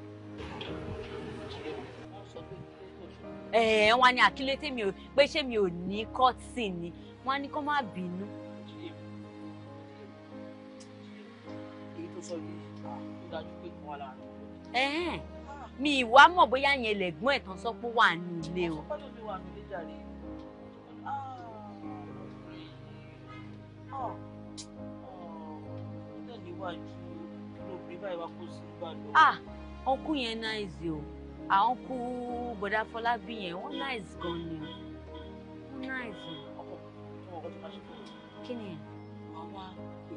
wọ́n ní àkílété mi ò pé ṣé mi ò ní kọ́tì ni wọ́n ní kó má bínú. èyí tó sọ yìí ó dájú pé kò wá láàárín mi ìwà mọ̀ bóyá yẹn lẹ̀gbọ́n ẹ̀ tán sọ pé wà ní ilé o. ah ọkú yẹn náìsì o àwọn ah, kú bọ̀dá Fọlábí yẹn wọ́n náìsì gan ni o wọ́n náìsì kí ni ẹ̀. wàá wá pé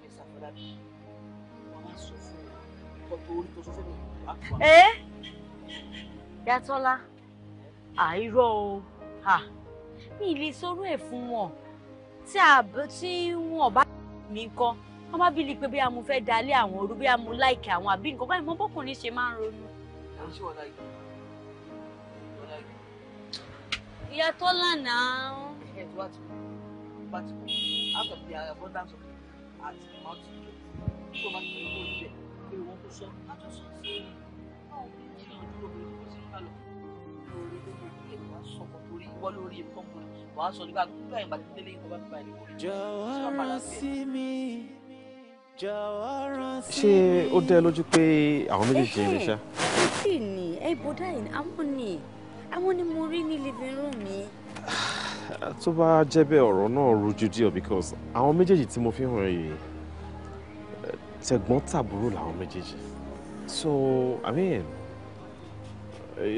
fẹsà Fọlábí wàá wá sọ fún un nǹkan tó rí tó sọ fún mi. ẹ Yàtọ́lá àìrọ̀ o mi ì lè sọ̀rọ̀ ẹ̀ fún wọn tí wọn bá mi kọ́ wọ́n bá bíi pé bí a mú fẹ́ dalé àwọn orú bí a mú láìkì àwọn àbí nǹkan báyìí mọ́ bọ́kùnrin ṣe máa ń ronú. ìyá lánàá tó sọ àjọ sọ sí báwo ni kí ló dúró bí kò sí nígbà lọ. lórí lórí ìpínlẹ̀ wàá sọ̀kọ̀ torí ìwọ lórí ìfọ́kùnrin wàá sọ nígbà gbúgbà ìbàdí délé ìjọba bíbá ìlú orí. jọ̀wọ́ rán sí mi ṣé ó dẹ lójú pé àwọn méjèèjì ń ṣá. ẹ sì ní ẹ bọ́dá yìí àwọn ni àwọn ni mo rí ní living room mi ah, tó bá jẹ́ bẹ́ẹ̀ ọ̀rọ̀ náà rújú díẹ̀ because àwọn méjèèjì tí mo fi hàn yìí tẹ̀gbọ́n tàbúrò làwọn méjèèjì so i mean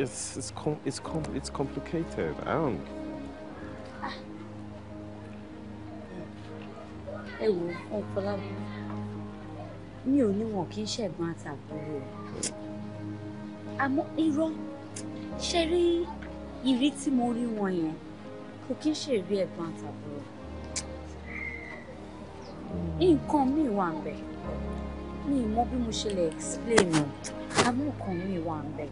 it's it's com it's com it's complicated i don't. ẹ wo ọ̀pọ̀lọpọ̀ mi ò ní wọn kì í ṣẹ̀gbọ́n àtàbúrò àmọ́ irọ́ ṣe rí ìrí tí mo rí wọn yẹn kò kí ń ṣe ìrí ẹ̀gbọ́n àtàbúrò nǹkan míì wà ń bẹ̀ mi mọ bí mo ṣe lè explain o àmọ́ ọkàn mi wà ń bẹ̀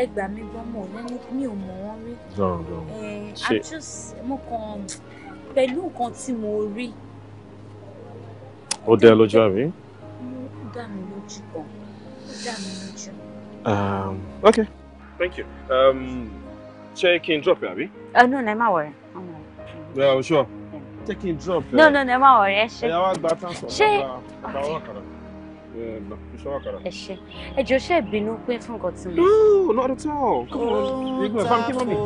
ẹ gbà mí gbọ́ mọ̀ lẹ́nu mi ò mọ̀ wọ́n rí i'm just mo kàn pẹ̀lú nǹkan tí mo rí. ó dá lójú àbí. ó dá mi lójú gan ó dá mi lójú. Um, okay thank you um, ṣé kí n drop you àbí. ẹ uh, nù ẹ má wọrẹ. yeah i'm sure jẹ́ kí n drop ẹ. Eh. no no ẹ má ọ̀rẹ́ ẹ ṣe. ẹ She. gba transport ṣe ọ̀gá wákàrà ẹ ṣe She. jọ ṣe ìbínú pé fún nǹkan tí mo. no not at all come on igun ẹ bá mi kí mọ́mí.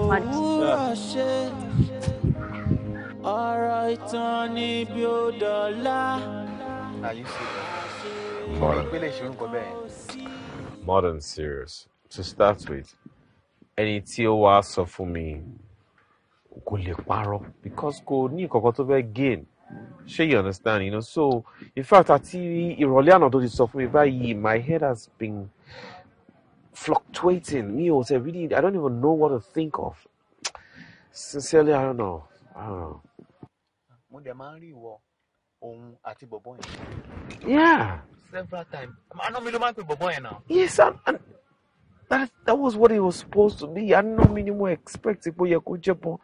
ọ̀rọ̀ ìtàn ni bí ó dọ̀la. àyè sí i mọ̀rọ̀ pé lè ṣe orúkọ bẹ́ẹ̀. modern serious to start with ẹni tí ó wá sọ fún mi kò lè parọ́ because kò ní ìkọ̀kọ̀ tó fẹ́ gain ṣé you understand you know so in fact àti ìrọ̀lẹ́ àná tó ti sọ fún mi báyìí my head has been fluctuating mi ò tẹ̀ really I don't even know what to think of sincerely I don't know I don't know. mo dẹ̀ máa ń rí ìwọ òun àti bọ̀bọ̀ yẹn. yeah. several times aná mi ló máa ń pè bọ̀bọ̀ yẹn náà. yes and, and that that was what it was supposed to be aná mi ni mo expect pé ó yẹ kó jẹ́ bọ́n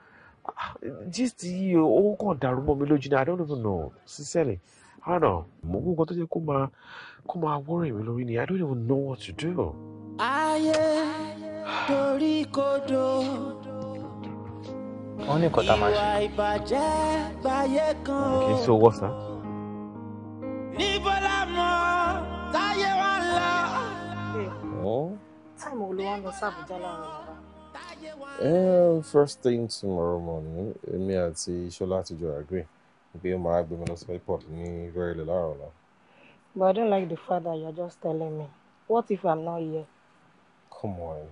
gist yìí ó kàn dàrú mọ́ mi lójú ní I don't even know sincerely I don't know mo gbogbo tó jẹ́ kó máa kó máa worry mi lórí ni I don't even know what to do. ayé dorí kodò ìwà ìbàjẹ́ gbáyé kan o. kì í ṣe owó sá. níbo la mọ táyé wa ń lọ. Oh. táìmù olówó ń lọ sí àbújá láàrin ọ̀la. Um, first thing tomorrow morning, èmi àti Ṣọlá ti jọ agree pé ó máa gbé mi lọ sí airport ní very early la. But I don't like the fact that are just telling me. What if I'm not here? Come on.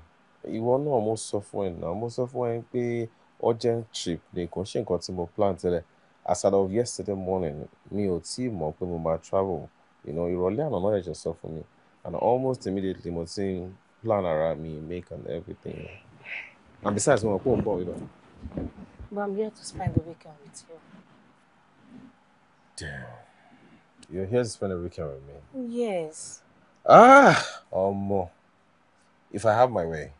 Ìwọ náà mo sọ fún ẹ náà, mo sọ fún ẹ pé urgent trip ni kò ṣe nǹkan tí mo plan tẹ́lẹ̀. As out of yesterday morning, mi ò tí ì mọ̀ pé mo máa travel. Ìrọ̀lẹ́ àná náà ẹ̀jẹ̀ sọ fún mi. And almost immediately mo ti plan ara mi, make and everything. And besides, mo mọ̀ pé ò ń bọ̀ But I'm here to spend the weekend with you. Damn. You're here to spend the weekend with me? Yes. Ah! Ọmọ. If I have my way,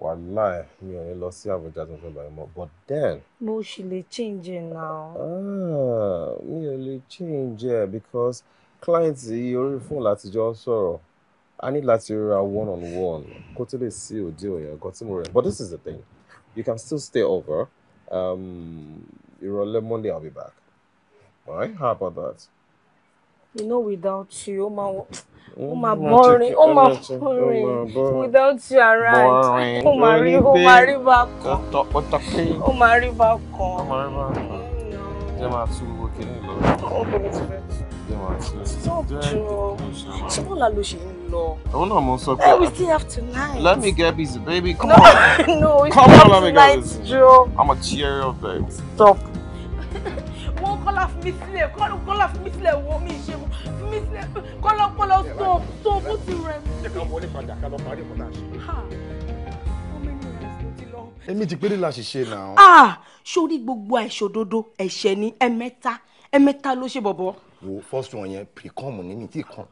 wàláì me ò ní lọ sí Àbújá tó ń fẹ́ But then. Mo ṣì change it now. Ah, me ò change it because clients you're orí fóònù láti jọ sọ̀rọ̀. I need láti ra one on one kó tó lè sí òde òyìn nǹkan but this is the thing you can still stay over um, ìrọ̀lẹ́ Monday I'll be back alright how about that. you know without you ó my ó mm, máa boring oh my boring without you around ó máa rí oh máa rí Oh kan ó máa jẹ́ máa tú owó kiri lọ. ọkùnrin mi ti fẹ́. jẹ́ máa tú. sọ́jọ́ ṣé bọ́lá ló ṣe ń lọ. òun náà mo sọ pé. we still have tonight. let me get busy baby come no, on. no we come still on, have tonight Joe, i'm a cheery up babe. stop. wọ́n kọ́lá fún mi sílẹ̀ kọ́lá fún mi sílẹ̀ wọ́n mi ṣe fún mi sílẹ̀ kọ́lá kọ́lá sọ sọ fún Stop, rẹ̀ mi. jẹ́ ká wọlé padà ká lọ parí fún náà ṣe èmi ti péré la ṣiṣẹ́ náà. ah sórí gbogbo àìṣòdodo ẹ̀ṣẹ̀ ni ẹ̀mẹ́ta ẹ̀mẹ́ta ló ṣe bọ̀bọ̀. wo first one yẹn precom ni mi ti kàn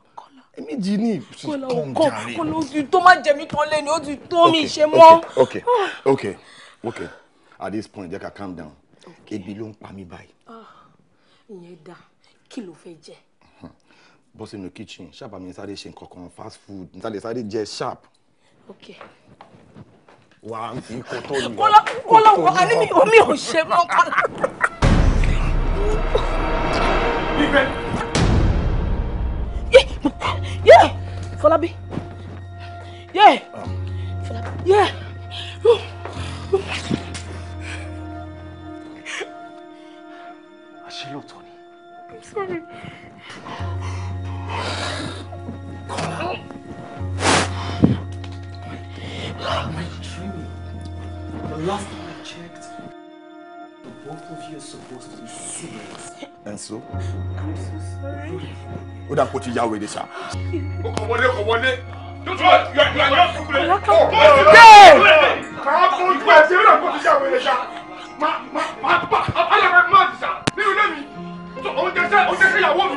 èmi jí ní precom jàre. kò ló ti tó má jẹ mí tán lé ni ó ti tó mi ṣe mọ́. ok ok ok at this point jẹ́ ká calm down ebi ló ń pa mí báyìí. Ah, ìyẹn dáa kí ló fẹ́ jẹ. Hmm. bọ́ sínú kitchen ṣáàbà mi sáré ṣe nǹkan kan fast food n sáré sáré jẹ sharp. ok wà á fi kó tó lọ. kọ́lá kọ́lá wọ àní mi ò mi ò ṣe mọ́ kọ́lá. yé Fọlábí yé Fọlábí yé. àṣé ni. sorry. The last I checked, the both of you are supposed to be siblings. And so? I'm so sorry. Ó dà kó ti yá wèrè sá. Kò wọlé kò Don't you are you are not stupid. Oh, go! Kàá kó ju ẹ̀ sí ó dà kó ti yá wèrè sá. Ma ma ma pa àpáyà rẹ̀ má ti sá. Nínú ilé mi, òun jẹ́ sẹ́ òun jẹ́ sẹ́ ìyàwó mi.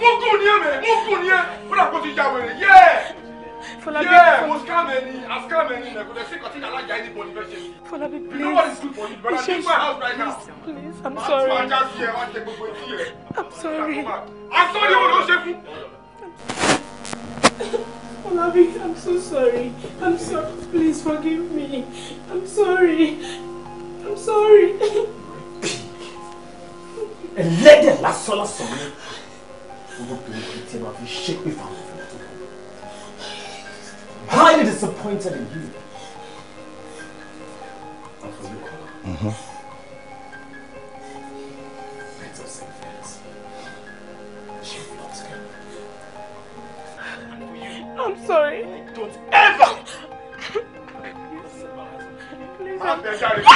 Mú kùn ní ẹ̀ mẹ́, mú kùn ní ẹ̀. Ó dà kó ti yá wèrè. Yeah! Fọlábí. Yeah, mo scam ẹni, I scam ẹni nẹ, kò dẹ̀ sí kọtí alájà ẹni bọ̀ níbẹ̀ please. You good for you, but I leave my house right now. Please, I'm sorry. I'm tún ajá sí ẹ, wàá jẹ gbogbo etí ẹ. I'm sorry. Asọ́ni wo ló ṣe fún? I'm so sorry. I'm sorry. Please forgive me. I'm sorry. I'm sorry. Ẹlẹ́dẹ̀ lásán lásán ni olóbìnrin kìí tí ẹ máa fi ṣépè fáwọn highly disappointed in you. Mm-hmm. I'm sorry. Don't ever. Please, I'm I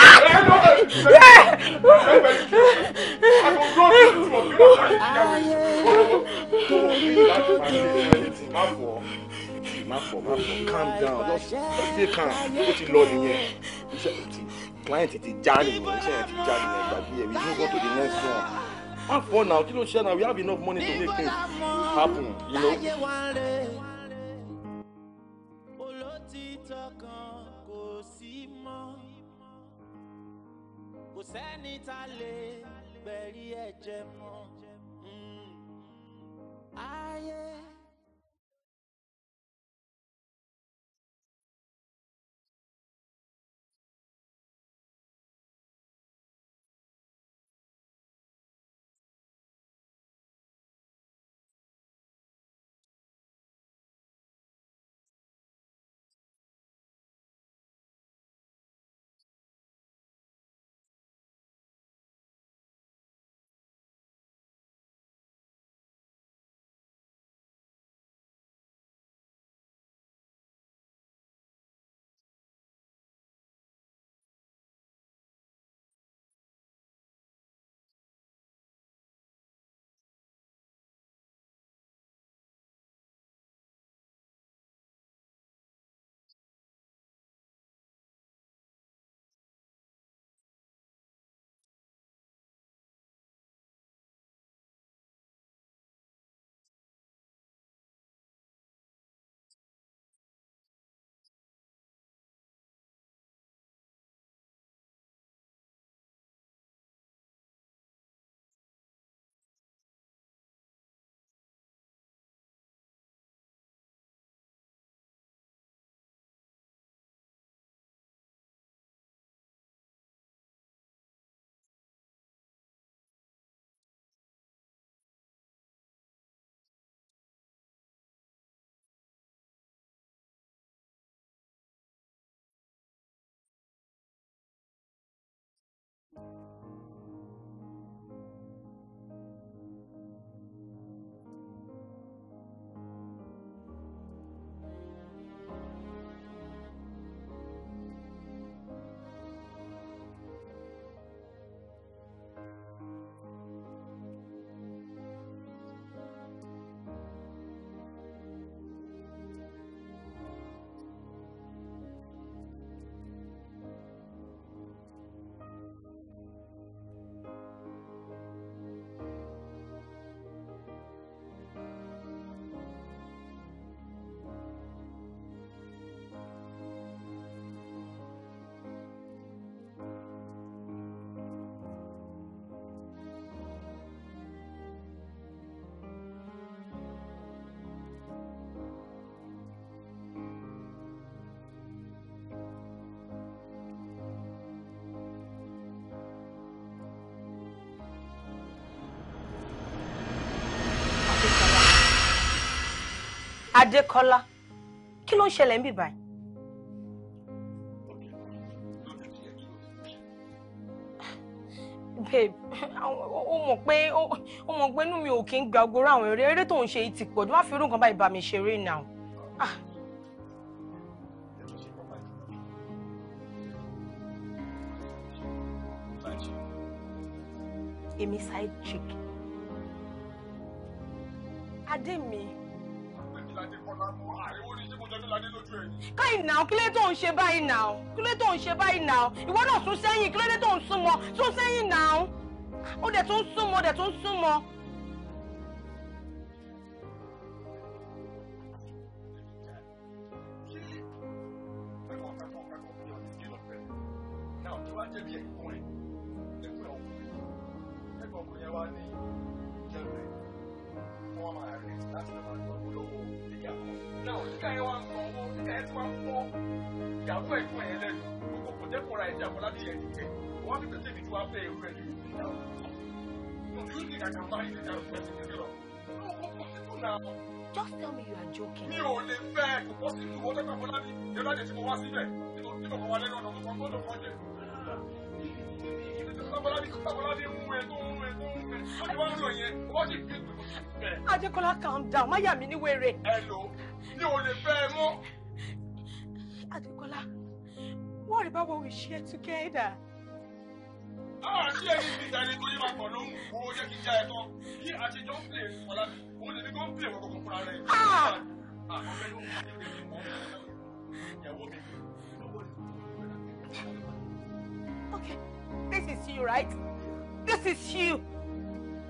don't know má fọ má fọ calm down lọ sí calm ó ti lọ nìyẹn iṣẹ́ ti client ti já nìyẹn iṣẹ́ yẹn ti já nìyẹn gbàgbé ẹ̀ we move on to the next one má fọ now kí ló ṣe now we have enough money to make things happen you know. kò sẹ́ni tá lè bẹ̀rí ẹ̀jẹ̀ mọ́ hmm. ayé. Adékọ́lá kí ló ń ṣẹlẹ̀ ń bì báyìí. babe ó mọ̀ pé ó mọ̀ pé inú mi ò kí ń gba ogoro àwọn eré eré tó ń ṣe ti pọ̀jù má fi irú nǹkan báyìí bá mi ṣeré náà. Ah. èmi side chick adé mi káyìn náà kí ló tó ń ṣe báyìí náà kí ló tó ń ṣe báyìí náà ìwọ náà sún sẹ́yìn kí ló tó ń súnmọ́ sún sẹ́yìn náà ó dẹ̀ tún súnmọ́ dẹ̀ tún súnmọ́. Adékọ́lá calm down, má yà mí ní wèrè. Hello, mi ò lè fẹ́ ẹ mọ́. Adékọ́lá, worry about what we share together. Àwọn àti ẹni ti ìjà ni tó yé máa kàn lóhùn, owó jẹ́ kí n já ẹ tán. Bí àtijọ́ ń pè Fọlá, òun lè ní kó ń pè wọ́n kọ́kọ́ fúnra rẹ̀. Àwọn ọ̀rẹ́ ló ń pè é ní mọ́ ìyàwó mi. Okay, this is you, right? This is you,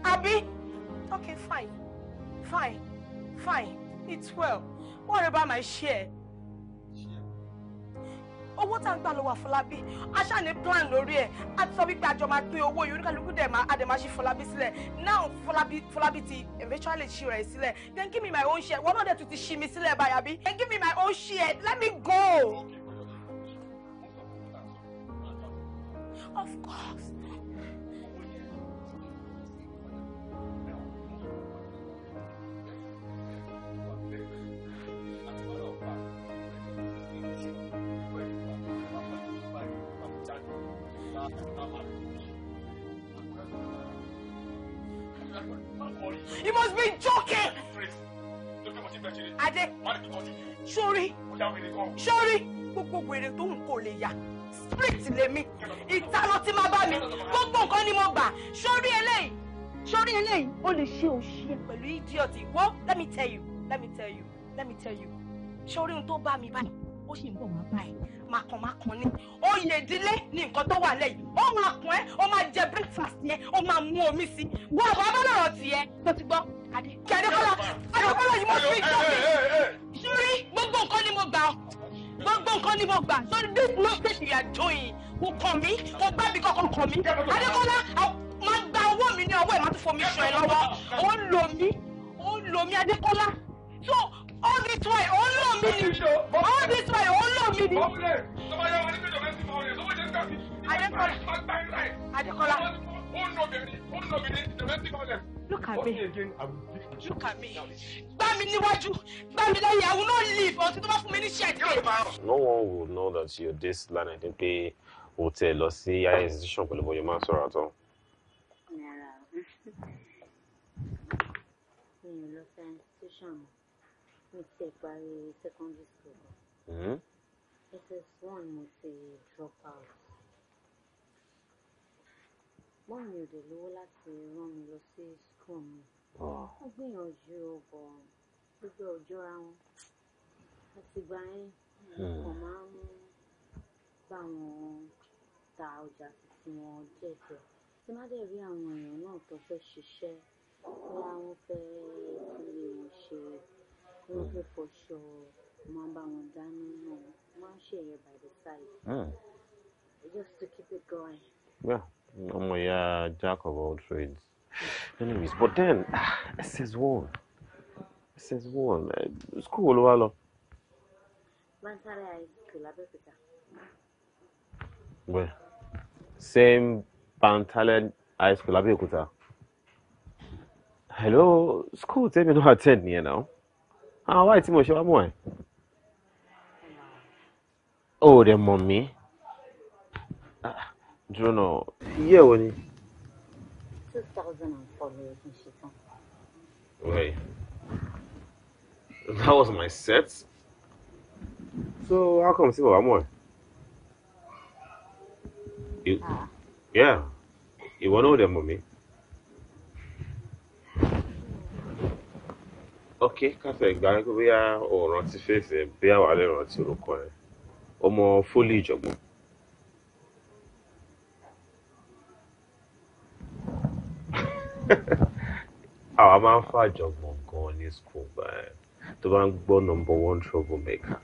Abi. Okay, fine. Fine. Fine. It's well. What about my share? owó tá à ń gbà lọ́wọ́ àfọlábí aṣá ní plan lórí ẹ̀ a ti sọ wípé àjọ máa pín owó yìí oníkàlùkù dẹ̀ máa adẹ̀ máa ṣí for sílẹ̀ now for Labi, for ti eventually she will see. then give me my own share wọn other to tún ti ṣí mi sílẹ̀ báyà then give me my own share let me go. of course You must be joking. Adé, sórí, sórí, gbogbo wèrè tó ń kò lè yà split lèmi ìta ló ti máa bá mi gbogbo nǹkan ni mo gbà sórí eléyìí sórí eléyìí o lè ṣe òṣì pẹ̀lú idiot ìwọ let me tell you let me tell you let me tell you sórí ohun tó bá mi bá ó sì ń bọ̀ wá báyìí màkàn ni oyè ìdílé ni nǹkan tó wà lẹ́yìn ó máa kàn ẹ́ ó máa jẹ breakfast yẹn ó máa mú omi sí i wọ́n àbá bá lọ́rọ̀ tiẹ̀ tó ti gbọ́ kàdé kí adékọ́lá adékọ́lá yìí mo fi ìjọ mi sórí gbogbo nǹkan ni mo gbà gbogbo nǹkan ni mo gbà so this nonsense you are doing kò kàn mí kò gbá mi kankan kàn mí adékọ́lá máa gba owó mi ní ọwọ́ ẹ̀ máa tún fomi sùn ẹ̀ lọ́wọ́ ó lò mí ó lò mí adékọ́lá so all this while ó lò mí ni all this while ó lò mí ni. Adékọ́lá Adékọ́lá. Look at me. Look at me. Gbá mi níwájú, gbá mi lẹ́yìn, I will not leave until tó bá fún mi ní ṣẹ́ẹ̀dì. No one will know that you're this I ní pé o tẹ lọ sí higher institution pẹ̀lú bóyá máa sọ̀rọ̀ àtọ́. Mi ò lọ sí institution mọ́ mo ti ẹ̀ parí secondary school kan ss1 mo ti drop out mọ́ mi ò dẹ̀ lówó láti rán mi lọ sí school mi wọ́n gbìyànjú ọ̀bọ̀ gbogbo ọjọ́ ra wọn àti gbà yẹn mo máa ń bá wọn ta ọjà tuntun wọn jẹ́jẹ́ tí má dẹ̀ rí àwọn èèyàn náà tó fẹ́ ṣiṣẹ́ wọ́n fẹ́ tún lè ṣe local for sure máa bá wọn dáná náà máa by the side mm. just to keep it going. yeah ọmọ ìyá jack of all trades anyways but then ah, it says one. 1 eh, school ló wá lọ. bantare I school abẹ́òkúta. well same bantare high school abẹ́òkúta hello school Tell me, no attend nìyẹn náà àwọn ah, wáyé tí mo ṣe wá mọ̀ ẹ́ o ò dẹ̀ mọ̀ mí ah, dúró náà iye wo ni. two thousand and four ló yẹ kí wait that was my set so how come see bàbá mọ̀ ẹ́. You, ah. yeah, ìwọ náà dẹ̀ mọ̀ mí. ok káfẹ́ ìgbà pé bóyá ò rántí fèsì ẹ̀ bí àwa lè rántí orúkọ ẹ̀ ọmọ fólì ìjọ̀gbọ́n. àwa máa ń fa àjọ̀gbọ́n gan ní school báyìí tó bá ń gbọ́ number one troublemaker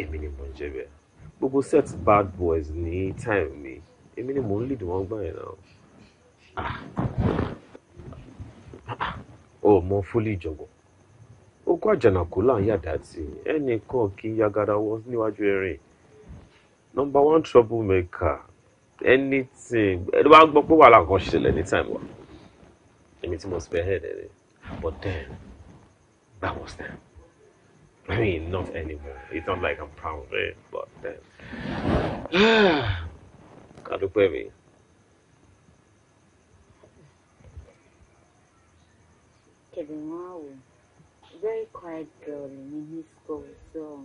èmi ni mò ń jẹ́ bẹ́ẹ̀ gbogbo set bad boys ní time mi èmi ni mò ń lead wọn gbà yẹn náà ó ah, ah, ah, mọ fólì ìjọ̀gbọ́n kókó àjànàkú là ń yàdá tì ẹnì kan kì í yagada wọ níwájú erin number one troublemaker anything ẹni wàá gbọ́ pé wàhálà kan ṣẹlẹ̀ ní time wa èmi tí mo spearhead ẹ̀ rẹ̀ but then that was then I mean not anymore it's not like I'm proud of it but then kàdúpẹ́ mi. Kẹ̀dùn máa wò very quiet girl in his school, so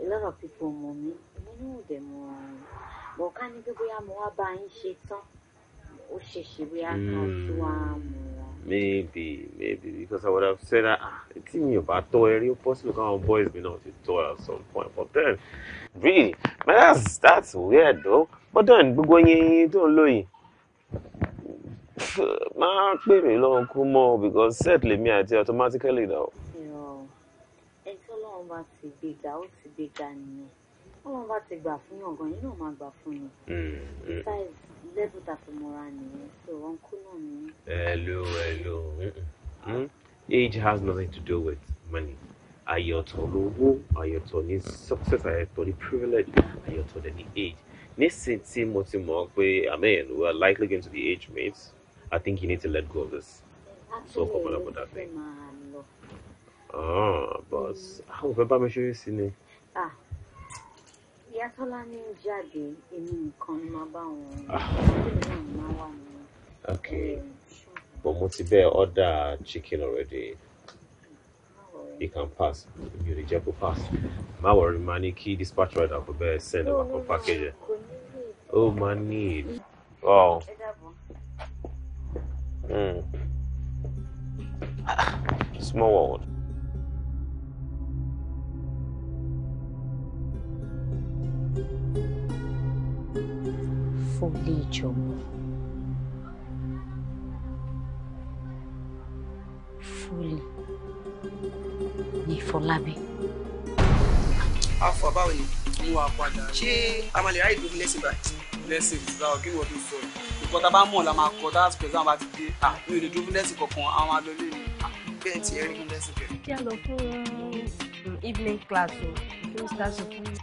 a lot of people know me. I know them all. But can you be a mo ba yin ṣe tán? Ó ṣe ṣe hmm. maybe maybe because I would have said that ah it's in your bá tọ́ Possibly, rí ó possible káwọn boys mi náà ti at some point but then really man that's that's weird though but then gbogbo yẹn tó ń máa pè mí lọ́wọ́ kú mọ́ because set lèmi àti automatically náà. ẹ tí ọlọ́run bá ti gbéga ó ti gbéga nìyẹn ọlọ́run bá ti gbà fún yàn gan-an yín náà máa gbà fún yàn. Mm-hmm. besides level ta fi mọ́ra nìyẹn so wọn kú náà nìyẹn. hello hello mm age has nothing to do with money àyọ̀tọ̀ lówó àyọ̀tọ̀ ní success àyọ̀tọ̀ ní privilege àyọ̀tọ̀ ní age nísìnyí tí mo ti mọ̀ pé àmì ẹ̀ ló wà likely going to be age mates. I think you need to let go of this. Actually, so couple up with that thing. Man, ah, boss. How hmm. bàbá ah, mi Ah. Ìyá Tọ́lá ah. Okay. but mo ti order chicken already. Hmm. You can pass. You the Jeppo pass. Má worry, money key kí dispatch rider for bẹ́ẹ̀ send over for package. Oh, máa need. Wow. Mm. Small world. Folejo. Fole. Ni Fọlábí. Afọ báwo ni? Mo wà padà. Ṣé a máa lè ráyè dúró lẹ́sìn báyìí? Lẹ́sìn báwo kí ni wọ́n fi sọ? kọ́ tá a bá mọ̀ la máa kọ́ tá a sọ pé sáà bá ti dé à ah, mi ò lè dúró fún lẹ́sìn kankan àwọn alọ́lé mi bẹ́ẹ̀ ti ẹ̀rí fún lẹ́sìn kẹrin. kí a lọ fún um, evening class o kí n ṣe aṣọ fún mi.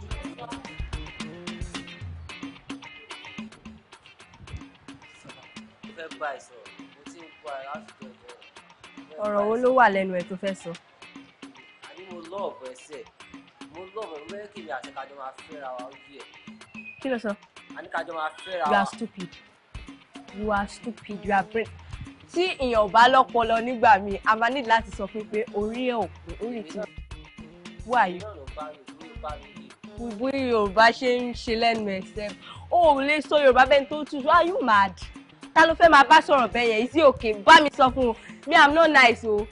ọ̀rọ̀ wo ló wà lẹ́nu ẹ̀ tó fẹ́ sọ. àní mo lọ ọ̀bọ̀ ẹsẹ̀ mo lọ ọ̀bọ̀ ẹgbẹ́ kìnìún àti kájọ máa fẹ́ra wa ojú ẹ̀. kí ló sọ. àní kájọ máa fẹ́ra wa. you are stupid you are stupid you are brave tí èèyàn ò bá lọ́pọlọ nígbà míì a máa ní láti sọ fún pé orí ẹ̀ ò pé orí ti wú àyè bí yorùbá ṣe ń ṣe lẹ́nu ẹ̀sẹ̀ o ò lè sọ yorùbá bẹ́ẹ̀ tó tútù are you mad ta ló fẹ́ máa bá sọ̀rọ̀ bẹ́ẹ̀ yẹn is it okay bá mi sọ fún un me i'm not nice o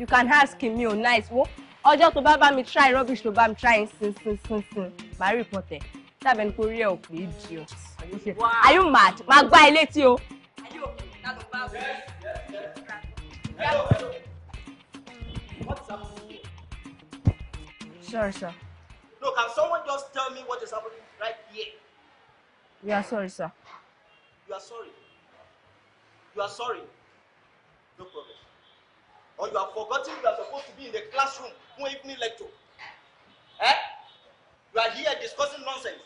you can ask me o nice wo ọjọ́ tó bá bá mi try rubbish tó bá mi try sin sin sin sin My report. ìpọ̀tẹ̀ dàbẹ̀ ní kò rí ẹ̀ òkú idiot are you mad máa gbá ilé tí o. Sure, sir. No, can someone just tell me what is happening right here? We are sorry, sir. You are sorry. You are sorry. No problem. Or you have forgotten you are supposed to be in the classroom for evening lecture. Eh? You are here discussing nonsense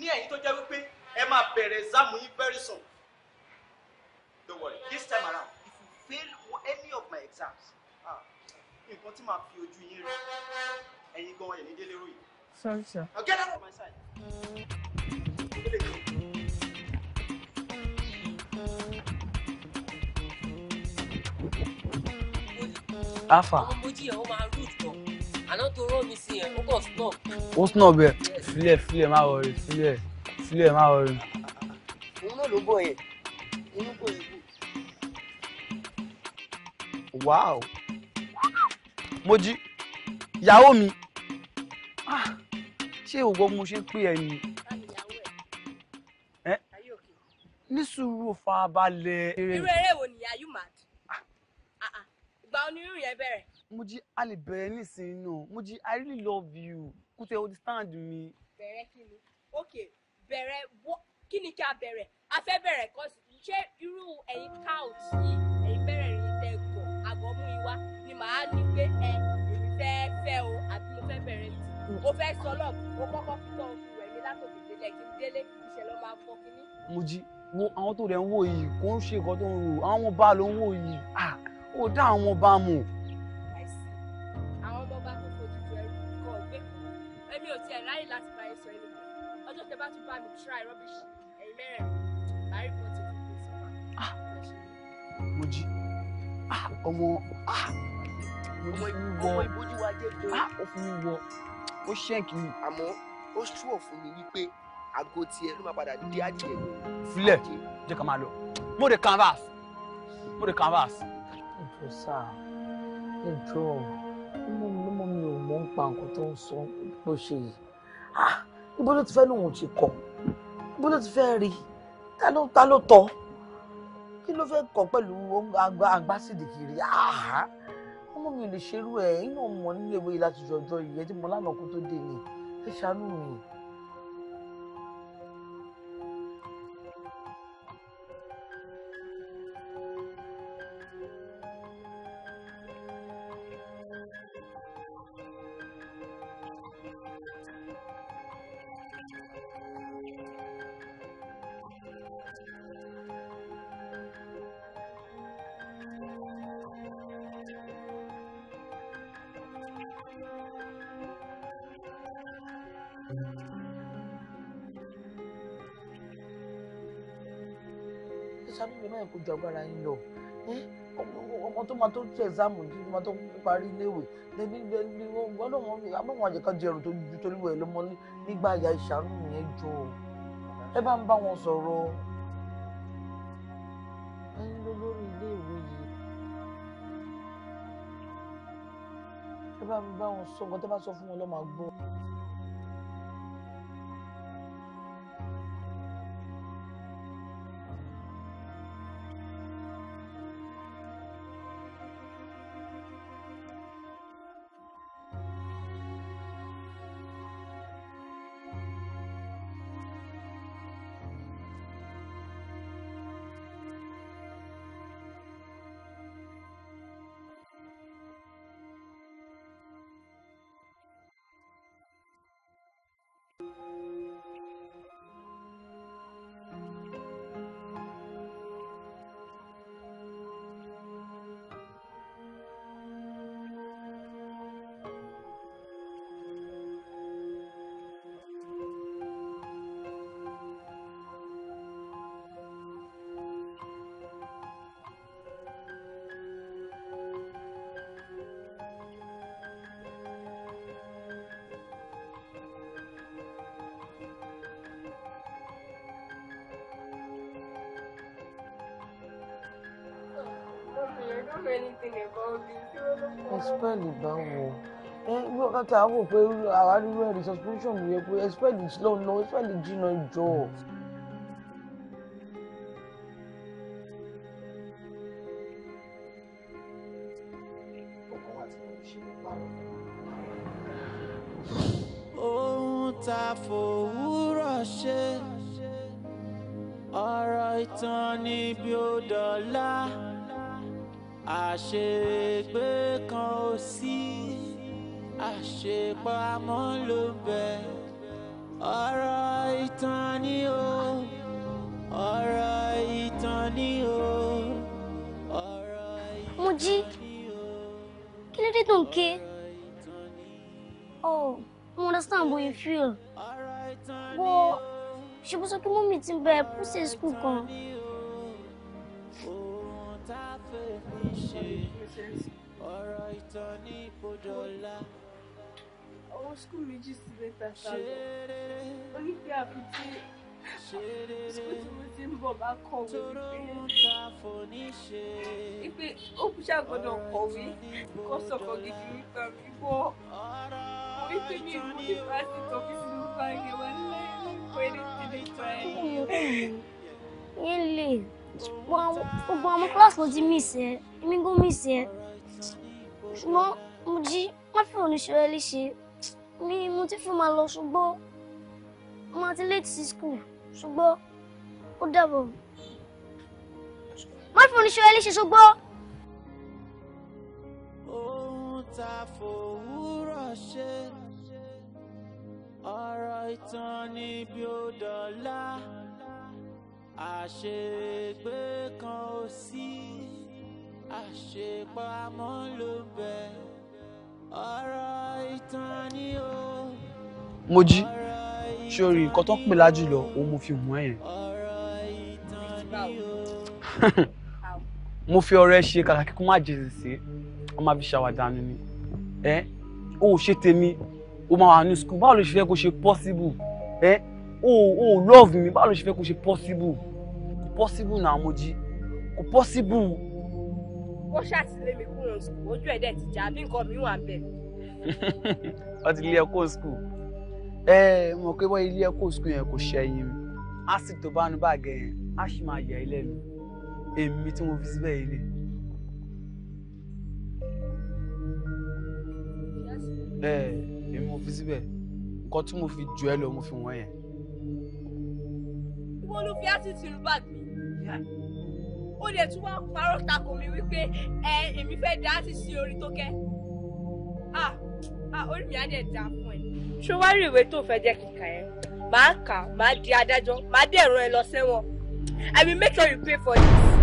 ní ẹ̀yin tó jẹ́ wípé ẹ máa bẹ̀rẹ̀ exam yín very soon don't worry this time around if you fail any of my exams ah, nǹkan tí màá fi ojú yín rí ẹ̀yin gan ẹ̀ ní délé ròyìn. sorry sir. now get out of my side. afa. ọmọ mojí ẹ̀ ó máa root gan àná tó rán mi sí yẹn ó kàn snub. ó snub ẹ sílẹ̀ sílẹ̀ má wọrí sílẹ̀ sílẹ̀ má wọrí. òun náà ló bọ̀ yẹn inú kò yẹ kú. wow Mojí ìyàwó mi ah, ṣé o gbọ́ mo ṣe ń pè ẹ́ ni ní sùúrù farabalẹ̀. irú eré wo nìyá you mad ah, ah, ìgbà onírúurú yẹn bẹ̀rẹ̀. Moji a lè bẹ̀rẹ̀ nísìnyí náà Moji I really love you kútẹ́ o understand me. bẹ̀rẹ̀ kini, ni ok bẹ̀rẹ̀ kí ni kí a bẹ̀rẹ̀ a fẹ́ bẹ̀rẹ̀ kọ́ ṣé irú ẹ̀yin couch yìí ẹ̀yin bẹ̀rẹ̀ yìí tẹ̀ gọ̀ àgọ́ mú yín wá ni màá ní pé ẹ èmi fẹ́ fẹ́ o àbí mo fẹ́ bẹ̀rẹ̀ tì o fẹ́ sọ lọ́ọ̀ mo kọ́kọ́ fi lọ́ọ̀ fi wẹ̀ mí látòkè délẹ̀ kí n délé ìṣẹ̀lẹ̀ máa fọ́ kínní. Moji wo àwọn tó rẹ̀ ń wò yìí kò ń ṣe nǹkan tó ń wò àwọn ọba ló ń wò yìí ah ó dá àwọn ọba mọ̀. ò tiẹ̀ láyè láti bá yín sọ ẹni bọ̀ ọjọ́ tẹ bá tún bá mi try rubbish ẹ̀yin mẹ́rẹ̀ láì pọ̀ tí mo fi sọ mo jí ọmọ ah! ọmọ ìbójú wa jẹ́ jọ ah! ó fún mi wọ ó ṣẹ́ǹkì mi. àmọ́ ó ṣúọ̀ fún mi wípé àgọ́ tiẹ̀ ló máa padà dé adìyẹ. filẹ jẹ́ ká máa lọ mo de canvas mo de canvas. ẹ jọ sáà ẹ jọ ọmọ mi ò mọ̀ ń pa nǹkan tó ń sọ bó ṣe yìí ah ibo ló ti fẹ́ lòun ò ti kọ̀ ibo ló ti fẹ́ rí ta ló ta ló tọ́ kí ló fẹ́ kọ́ pẹ̀lú agbásídì kiri ah ọmọ mi ò lè ṣerú ẹ̀ inú ọmọ nílé ìwé láti jọjọ yìí ẹ ti mọ lánàá kó tó dé ni ẹ ṣàánú mi. ju agbára yín lọ hm? ọmọ tó máa tó ṣe ẹ̀sáàmù yìí tó máa tó parí iléèwé lẹ́bí lẹ́bí ọlọ́wọ́n mi abọ́wọ́n àjẹká di ẹrù tó ju torí wẹ̀ lọ́mọ nígbà àyà ìṣàánú yẹn jọ ẹ bá ń bá wọn sọ̀rọ̀ ẹyin lólórí iléèwé ẹ bá ń bá wọn sọ nǹkan tó bá sọ fún wọn lọ́ máa gbọ́. expel ìbáwọ ẹ bí ọkàn tí a ẹ̀rí suspension yẹ pé expel slow náà expel jìnnà jọ. ohun tá a fòwúrọ̀ ṣe ọ̀rọ̀ ìtàn níbi ó dọ̀la àṣẹ. pọ̀ àmọ́ ló bẹ̀. ọ̀rọ̀ ìtàn ni o ọ̀rọ̀ ìtàn ni o ọ̀rọ̀ ìtàn ni o. mo jí kí ló dé tó ń ké oh i understand how you feel but ṣe bó sọ pé mọ́mí ti bẹ̀ púṣẹ̀ skul kan. ọ̀rọ̀ ìtàn ni kò ọwọ́ skul méjì sí mẹ́ta ta lọ ó ní pé àfi tí skul tí mo ti ń bọ̀ bá kọ̀wé wípé wípé ó kú ṣàgbọ́dọ̀ kọ̀wé kó sọ̀kọ̀ gidi nípa wíwọ́ wípé mi ìlú ní fásitì ọ́fíìsì ló bá yẹ wá nílẹ̀ ìlú ẹni tí lè tọ́ ẹ̀. ilé gbogbo àwọn kíláàsì mo ti miss ẹ èmi gan miss ẹ ṣùgbọ́n mo jí má fi òní ṣe ẹ léṣe ni mo ti fẹ́ máa lọ ṣùgbọ́n mo máa ti late sí school ṣùgbọ́n ó dàbọ̀ má fi oníṣẹ́ ẹ léṣe ṣùgbọ́n. ohun tá fòwúrọ̀ ṣe ọ̀rọ̀ ìtàn níbi ó dọ̀la àṣegbé kan ó sí àṣepamọ́ ló bẹ̀rẹ̀ mo jí sórí nǹkan tó ń pè lájú lọ òun mo fi mú ẹ yẹn. mo fi ọ̀rẹ́ ṣe kàkà kíkún má jẹ sèse wọn máa fi ṣàwàdà nù ni ẹ o ò ṣe tèmi o máa wà ní sukùl báwo ló ṣe fẹ́ kó ṣe possible ẹ o ò love mi báwo ló ṣe fẹ́ kó ṣe possible kò possible náà mo jí kò possible ó ṣàtìlé mi kúrò ní sùkúl ojú ẹ̀dẹ̀ ti já bí nǹkan mi wà bẹ̀. wọ́n ti lé ẹ kó sùkúl ẹ mọ̀ pé wọ́n ilé ẹ kó sùkúl yẹn kò ṣẹ̀yìn mi á sì tó bá nu báàgẹ̀ yẹn á sì máa yà ẹ́ lẹ́nu èmi tí mo fi síbẹ̀ yìí rè. ẹ èmi mo fi síbẹ̀ nǹkan tí mo fi jù ẹ lọ mo fi wọ́n yẹn. wọ́n ló fi á sì tìrú báàgì ó lè tún wá parọ́ takò mi wípé ẹ èmi fẹ́ dá sí sí orí tó kẹ́ ah ah orí mi á dẹ̀ dá fún ẹ. ṣé wàá rí ìwé tó fẹ́ jẹ́ kíkà ẹ́ màá kà màá di adájọ́ màá dẹ̀ rán ẹ lọ sẹ́wọ̀n I will make sure you pay for this.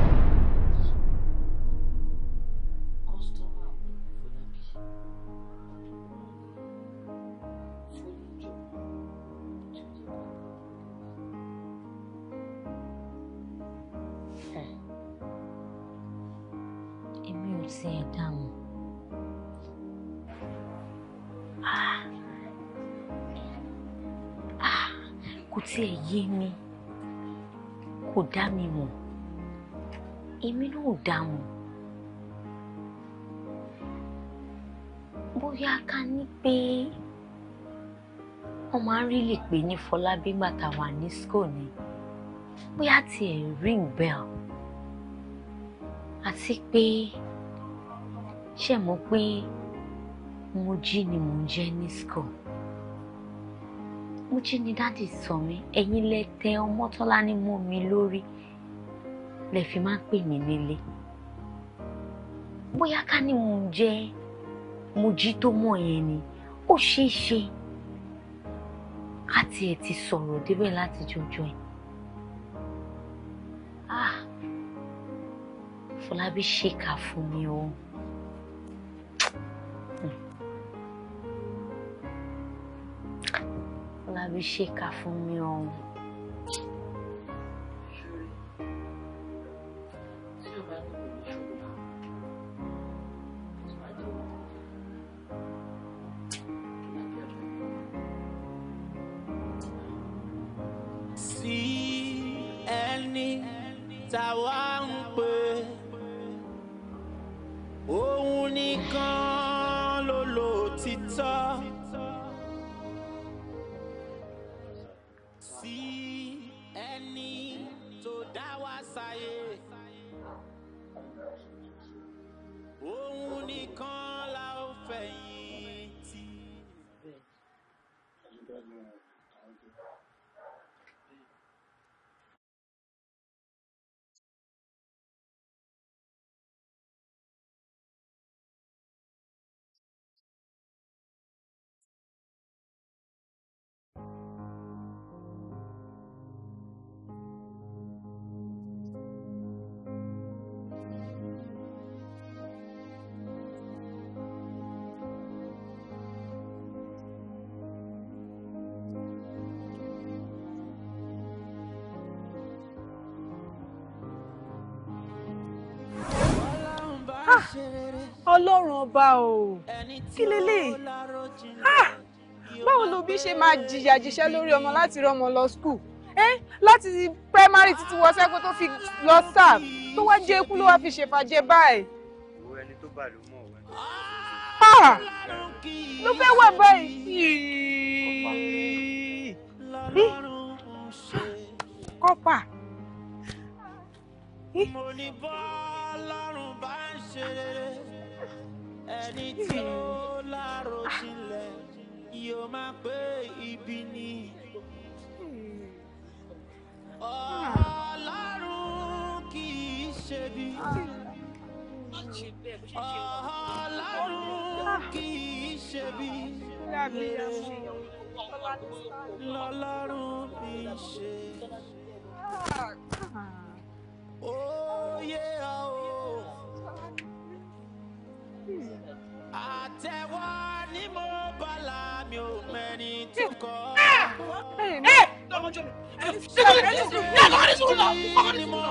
เสียงดัง ah. ah. kò tiẹ̀ yé mi kò dá mi mọ̀ èmi náà ò dá mọ̀ bóyá ká ní pé wọ́n máa ń rí lè pè ní Fọlábí gbà ní school ni bóyá tiẹ̀ ring bell àti pé. Pe ṣe mọ̀ pé mo jí ni mò ń jẹ́ ní school mo jí ni dáàdì sọ mí ẹ̀yin lẹ tẹ ọmọtọ́lá ní mú mi lórí lẹ fi máa ń pè mí nílé bóyá ká ní mò ń jẹ́ mo jí tó mọ̀ yẹn ni ó ṣeé ṣe ká tiẹ̀ ti sọ̀rọ̀ débẹ̀ láti jọjọ́ ẹ̀. Ah! Fọlábí ṣèkà fún mi o. Oh. àbí ṣèkà fún mi ọ̀hún. ọlọ́run ọba o kí lélẹ̀ báwo ló bí ṣe máa jìyà jíṣẹ́ lórí ọmọ láti rọmọ lọ skul láti primary títí wọ sẹ́kọ̀ tó fi lọ sáà tó wá jẹ́ ikú ló wá fi ṣèfàjẹ báyìí. Ah! ló fẹ́ wà báyìí. kọ́pà. mo ní bọ́ lọ́rùn bá ń ṣe rere ẹni tó láàrò jinlẹ̀ yóò máa pé ibi ni. ọlọ́run kì í ṣebi. ọlọ́run kì í ṣebi. lọ́lọ́run fi ṣe. ó yẹ ọ́. àtẹwọ́ ni mo bala mi ò mẹ́ni tó kọ́. ẹ lọ́mọjọ́ mi ẹ ní sùn yà lọ́wọ́ ní sùn lọ ọkọ ní sùn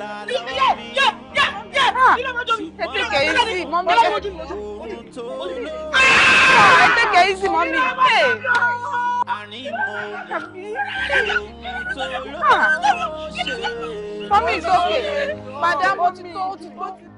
lọ ní sùn yẹ yẹ yẹ yẹ ní lọ́mọjọ́ mi. ẹ tẹkẹ yìí sí mọ́mí ẹ ẹ tẹkẹ yìí sí mọ́mí mọ́mí ìsókè madam ó ti tó ó ti tó ti tó.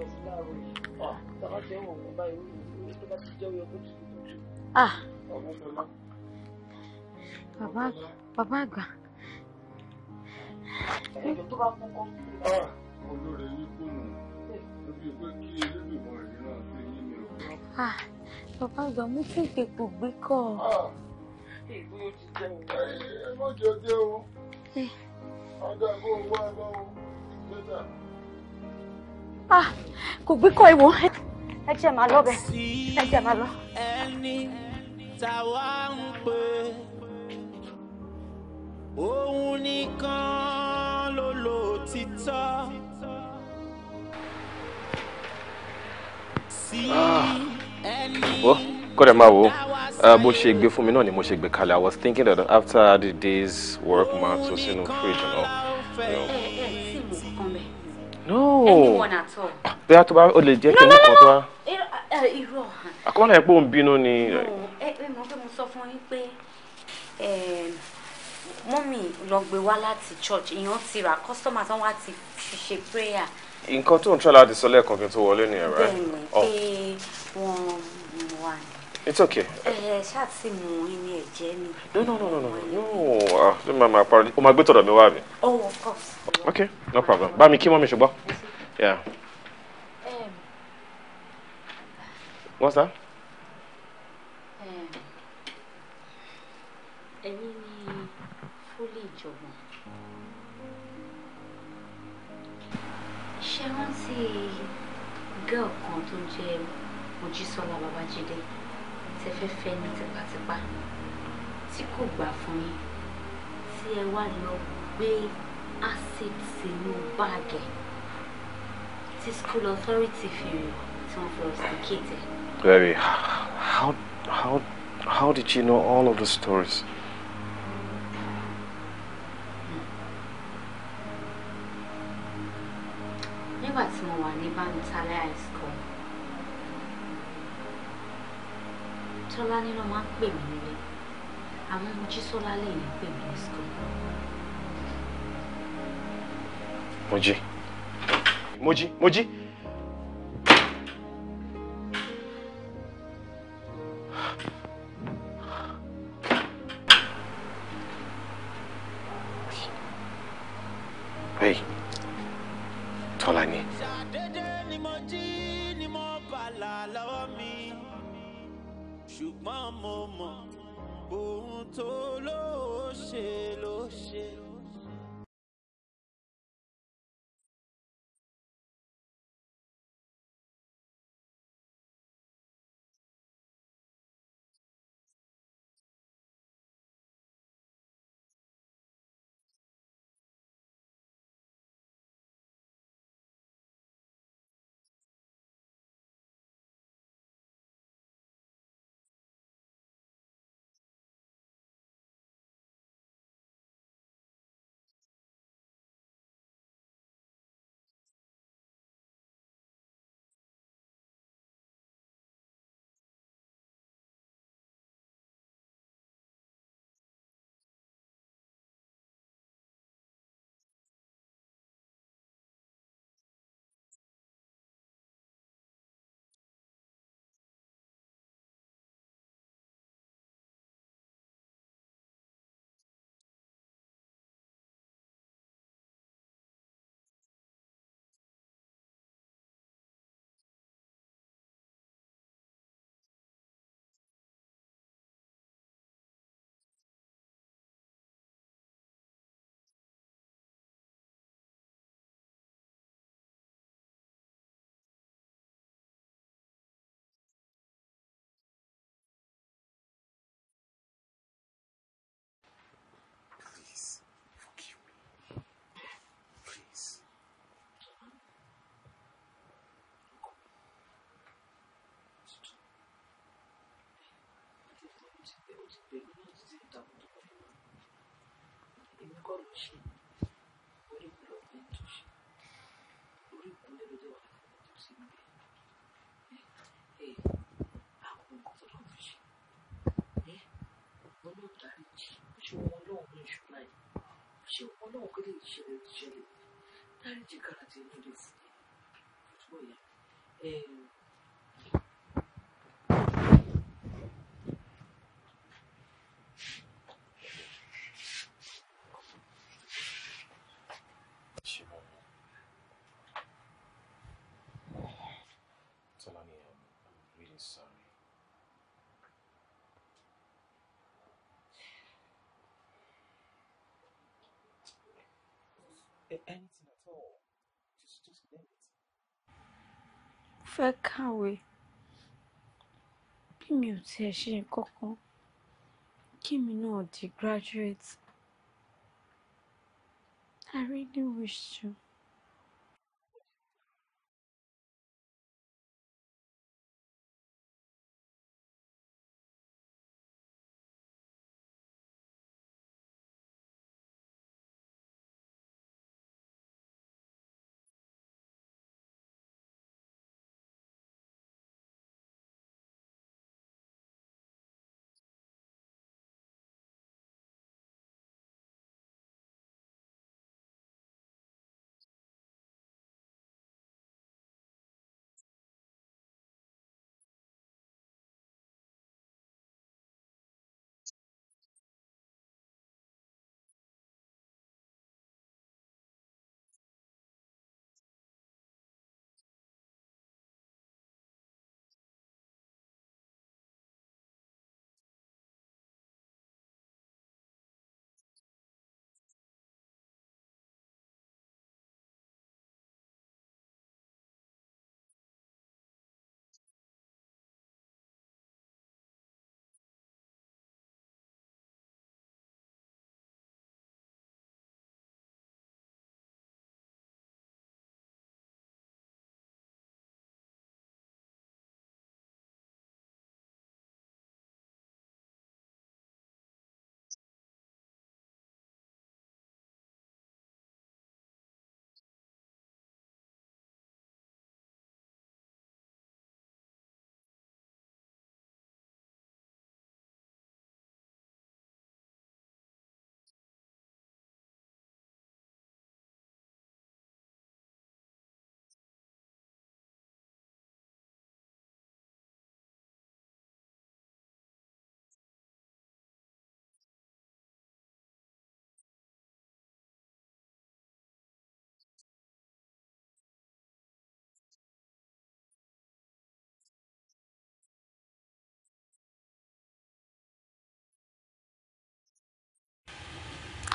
lọ sí láàárọ̀ yìí bàbá tí wọn wọn fi yín gbé kọ́ ẹ má jọ dé o. Eh. ọjà kó o wá ẹ bá Ah, kò gbé kọ́ ìwọ̀n ẹ jẹ́ máa lọ́bẹ̀ ẹ jẹ́ máa lọ. ẹni táwa nìkan ló lò títọ́. wọ́n kọ́dà máa wò bó ṣe gbé fún mi náà ni mo ṣe gbé kalẹ̀ I was thinking that after the day's work ma tó sínú fridge náà. You know, no anyone at all. bóyá tó bá o lè jẹ́ kí ẹni kan tó wá. irọ́ àkọọ́lẹ̀ ẹ̀ pé òun bínú ni. ẹ ẹ mọ̀ pé mo sọ fún yín pé mọ́mì lọ gbé wá láti church èèyàn ti ra customer tán wá ti fi ṣe prayer. nǹkan tó ń tọ́ láti sọ lẹ́ẹ̀kan kí n tó wọlé nìyẹn rẹ. bẹ́ẹ̀ ni oh. pé wọ́n mú wa It's okay. Ẹ eh, eh, ṣáà tí mo ń ní No no no no no no ah ṣé màá my apology. o máa gbé tọ̀dọ̀ mi Oh of course. Okay no problem bá mi kí mọ́ Yeah. What's that? Ẹ̀yin ni Fúlì ìjọ̀gbọ̀n. fẹ́ ní tipátipá tí kò gbà fún yín tí ẹ wá lọ gbé acid sínú báàgì tí school authority fi rí tí wọ́n fi rusticate ẹ̀. Very how how how did you know all of the stories? Hmm. nígbà tí mo wà ní Bámitálẹ́ àìsàn. tọ́lá nínú máa ń pè mí nílé àmọ́ mo jí sọ́lá lẹ́yìn pè mí ní school. Mojí Mojí Mojí. Hey, Tolani. ṣùgbọ́n mo mọ̀ ohun tó lóò ṣe ló ṣe. de Deus, permanece da tua e me corrige por impedimentos, por impedimento de ordem do Senhor. E há um controles, eu Não me dante, você olhou o lixo Se você olhou o lixo lá, você olhou o lixo lá, você olhou o lixo lá, você olhou o lixo lá, fẹ́ kàwé bí mi ò tiẹ̀ ṣe nǹkan kan kí mi náà di graduate I really wish to.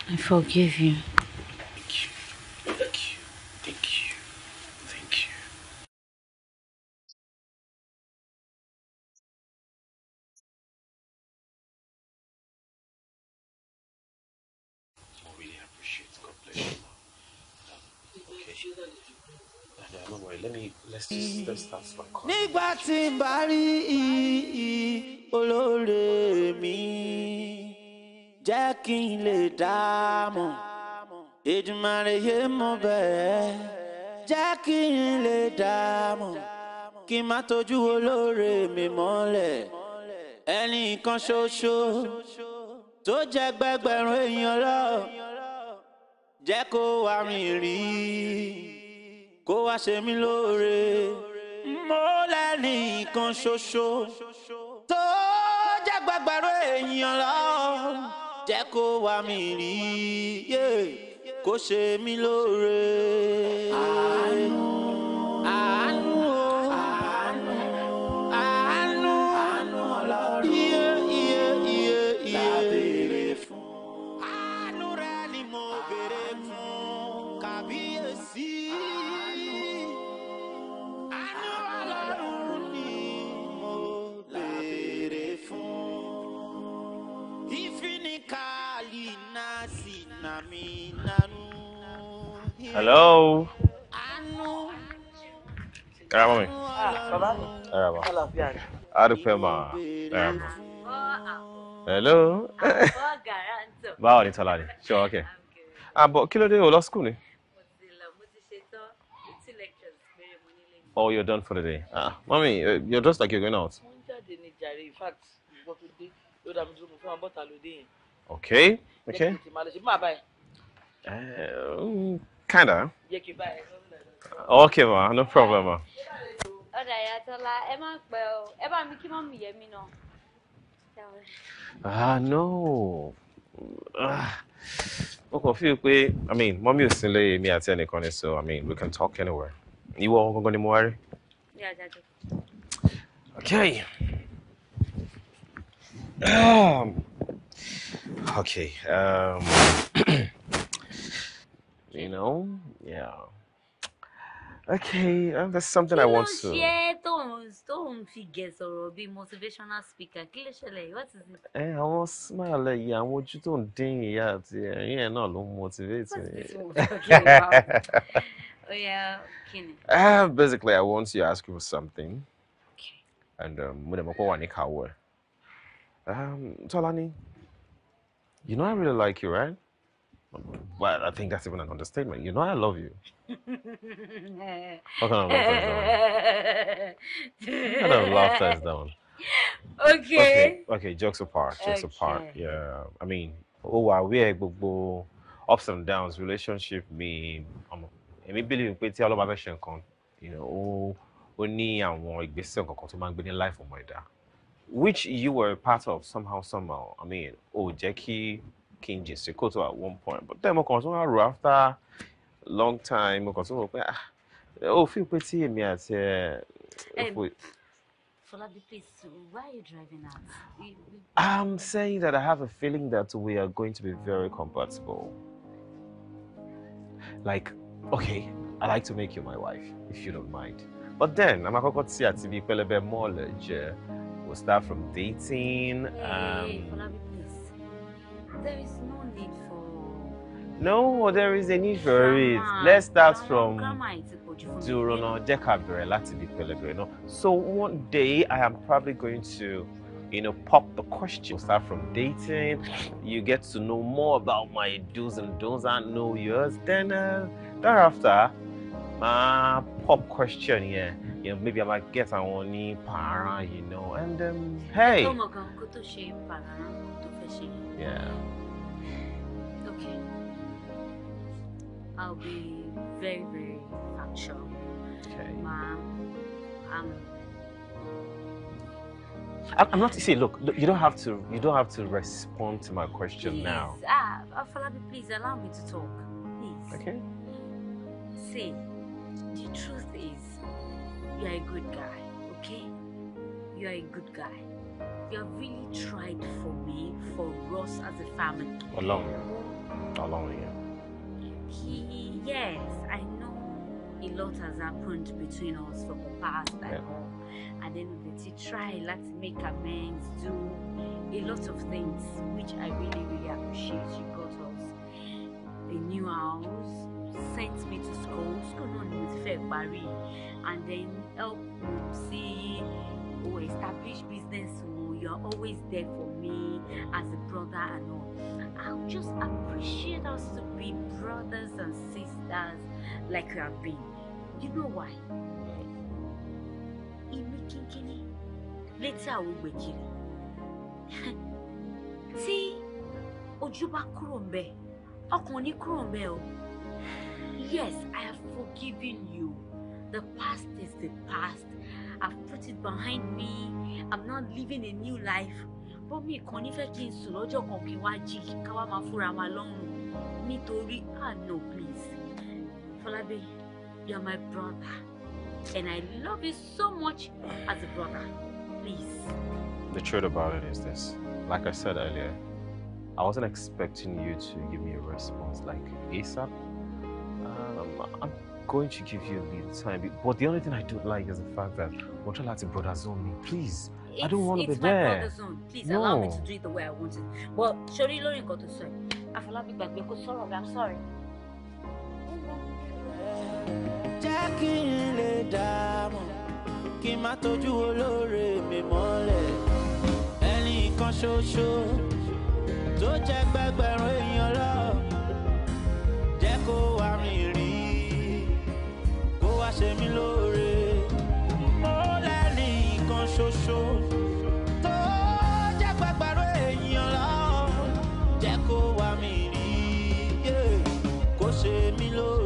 I forgive you. Thank you. Thank you. Thank you. Thank you. I really appreciate it. God bless you. Um, okay. And, uh, worry. Let me let's just let's start my call. Nígbà tí n bá rí olóore mi jẹ́ kí n lè dá mọ̀ yé mo bẹ̀ẹ́ jẹ́ kí n lè dá mọ̀ kí n má tójú olóore mi mọ́lẹ̀ ẹnì kan ṣoṣo tó jẹ́ gbẹgbẹ̀rún èèyàn lọ jẹ́ kó wá rìn rí kó wá ṣe mí lóore mo lẹ́nì kan ṣoṣo tó jẹ́ gbẹgbẹ̀rún èèyàn lọ jẹ́ kó wá mi rí kó ṣe mí lóore. àánú. Hello. Kara mami. Kara ma. Arúfẹ́ ma. ma. Hello. Báwo ni Tọ́lá ni? Ṣé o okay? Àbọ̀ ah, kí ló dé o lọ school ni? Oh, you're done for the day. Ah, mommy, you're dressed like you're going out. Okay. Okay. Uh, kinda. E okay, ma. No problem, ma. Ọ̀dà Ìyátọ́lá, ẹ e má pẹ́ o, ẹ e bá mi kí mọ́mú Yẹmí náà. Ah, no. Ah. Okay. kàn I mean, mọ́mí ò sí lóye me àti ẹnìkan ni, so I mean, we can talk anywhere. Ìwọ gangan to mo wá rí. Okay. Um, Okay. Um, you know, yeah. Okay, uh, um, that's something I want to. ṣe tóun tóun fi gẹ̀ motivational speaker what is it. ẹ eh, àwọn smile yìí I want you to dín ìyá àti ẹ̀rín ẹ̀ náà ló ń motivate me. Oh, um, basically I want to ask you something okay. and um, dẹ̀ mọ̀ pé wà ní kàwọ́ ẹ̀ um, Tọ́lání. Um, You know I really like you, right? Well, I think that's even an understatement. You know I love you. How can I laugh this down? How can I laugh this down? Okay. okay. Okay, jokes apart. Jokes okay. apart. Yeah. I mean, oh wow, we are gbogbo ups and downs relationship me, mi èmi believe pé all of fẹ́ ṣe nǹkan ó ní àwọn ìgbésẹ̀ kankan tó máa ń gbé ní life my ẹ̀dá. which you were a part of somehow, somehow. I mean, oh, Jackie King Jesse at one point, but then mo kàn tún after a long time, mo kàn tún rò pé ah, ó fi pé please, why are you driving us? I'm saying that I have a feeling that we are going to be very compatible. Like, okay, I'd like to make you my wife, if you don't mind. But then, I'm a kokotsi at TV more Mole, We'll start from dating. um, There is no need for. No, there is a need for it. Let's start from. Pellegrino. So one day I am probably going to you know, pop the question. Start from dating, you get to know more about my do's and don'ts and know yours. Then uh, thereafter, my pop question yeah you know, maybe I might get a ní para, mm. you know, and um, mm. hey. Yeah. Okay. I'll be very, very factual. Okay. Ma, am I'm not. See, look, you don't have to. You don't have to respond to my question please, now. Ah, uh, oh, Falabi, please allow me to talk. Please. Okay. See, the truth is, you are a good guy, okay? You are a good guy. You have really tried for me, for us as a family. Along Along here. He, yes, I know a lot has happened between us from the past and yeah. all. And then that try, let's make amends, do a lot of things, which I really, really appreciate. You got us a new house sent me to school school náà ni mo ti fẹ́ parí and then help me see o oh, establish business o oh, you are always there for me as a brother and all I just appreciate us to be brothers and sisters like we have been you know why imi kínkínní létí àwọn gbèjìrì tí ojú bá kúrò ń bẹ ọkàn kúrò ń bẹ o. Yes, I have forgiven you. The past is the past. I've put it behind me. I'm not living a new life. But me, kan kí n wá jí ká ah no please. Fọlábí, you are my brother and I love you so much as a brother. Please. The truth about it is this. Like I said earlier, I wasn't expecting you to give me a response like ASAP I'm going to give you a little time. But the only thing I don't like is the fact that Montolati brother zone me. Please, it's, I don't want to be there. It's my brother's zone. Please no. allow me to do it the way I want it. But Shori Lori got to say, Afolabi Bagbe kò sọ̀rọ̀ mi, I'm sorry. Jẹ́ kí n jẹ́ kó wá rìnrìn wá ṣe mí lóore mo lẹ́ni kan ṣoṣo tó jẹ́ pàpàrọ èèyàn lọ jẹ́ kó wá mi rí kó ṣe mí lóore.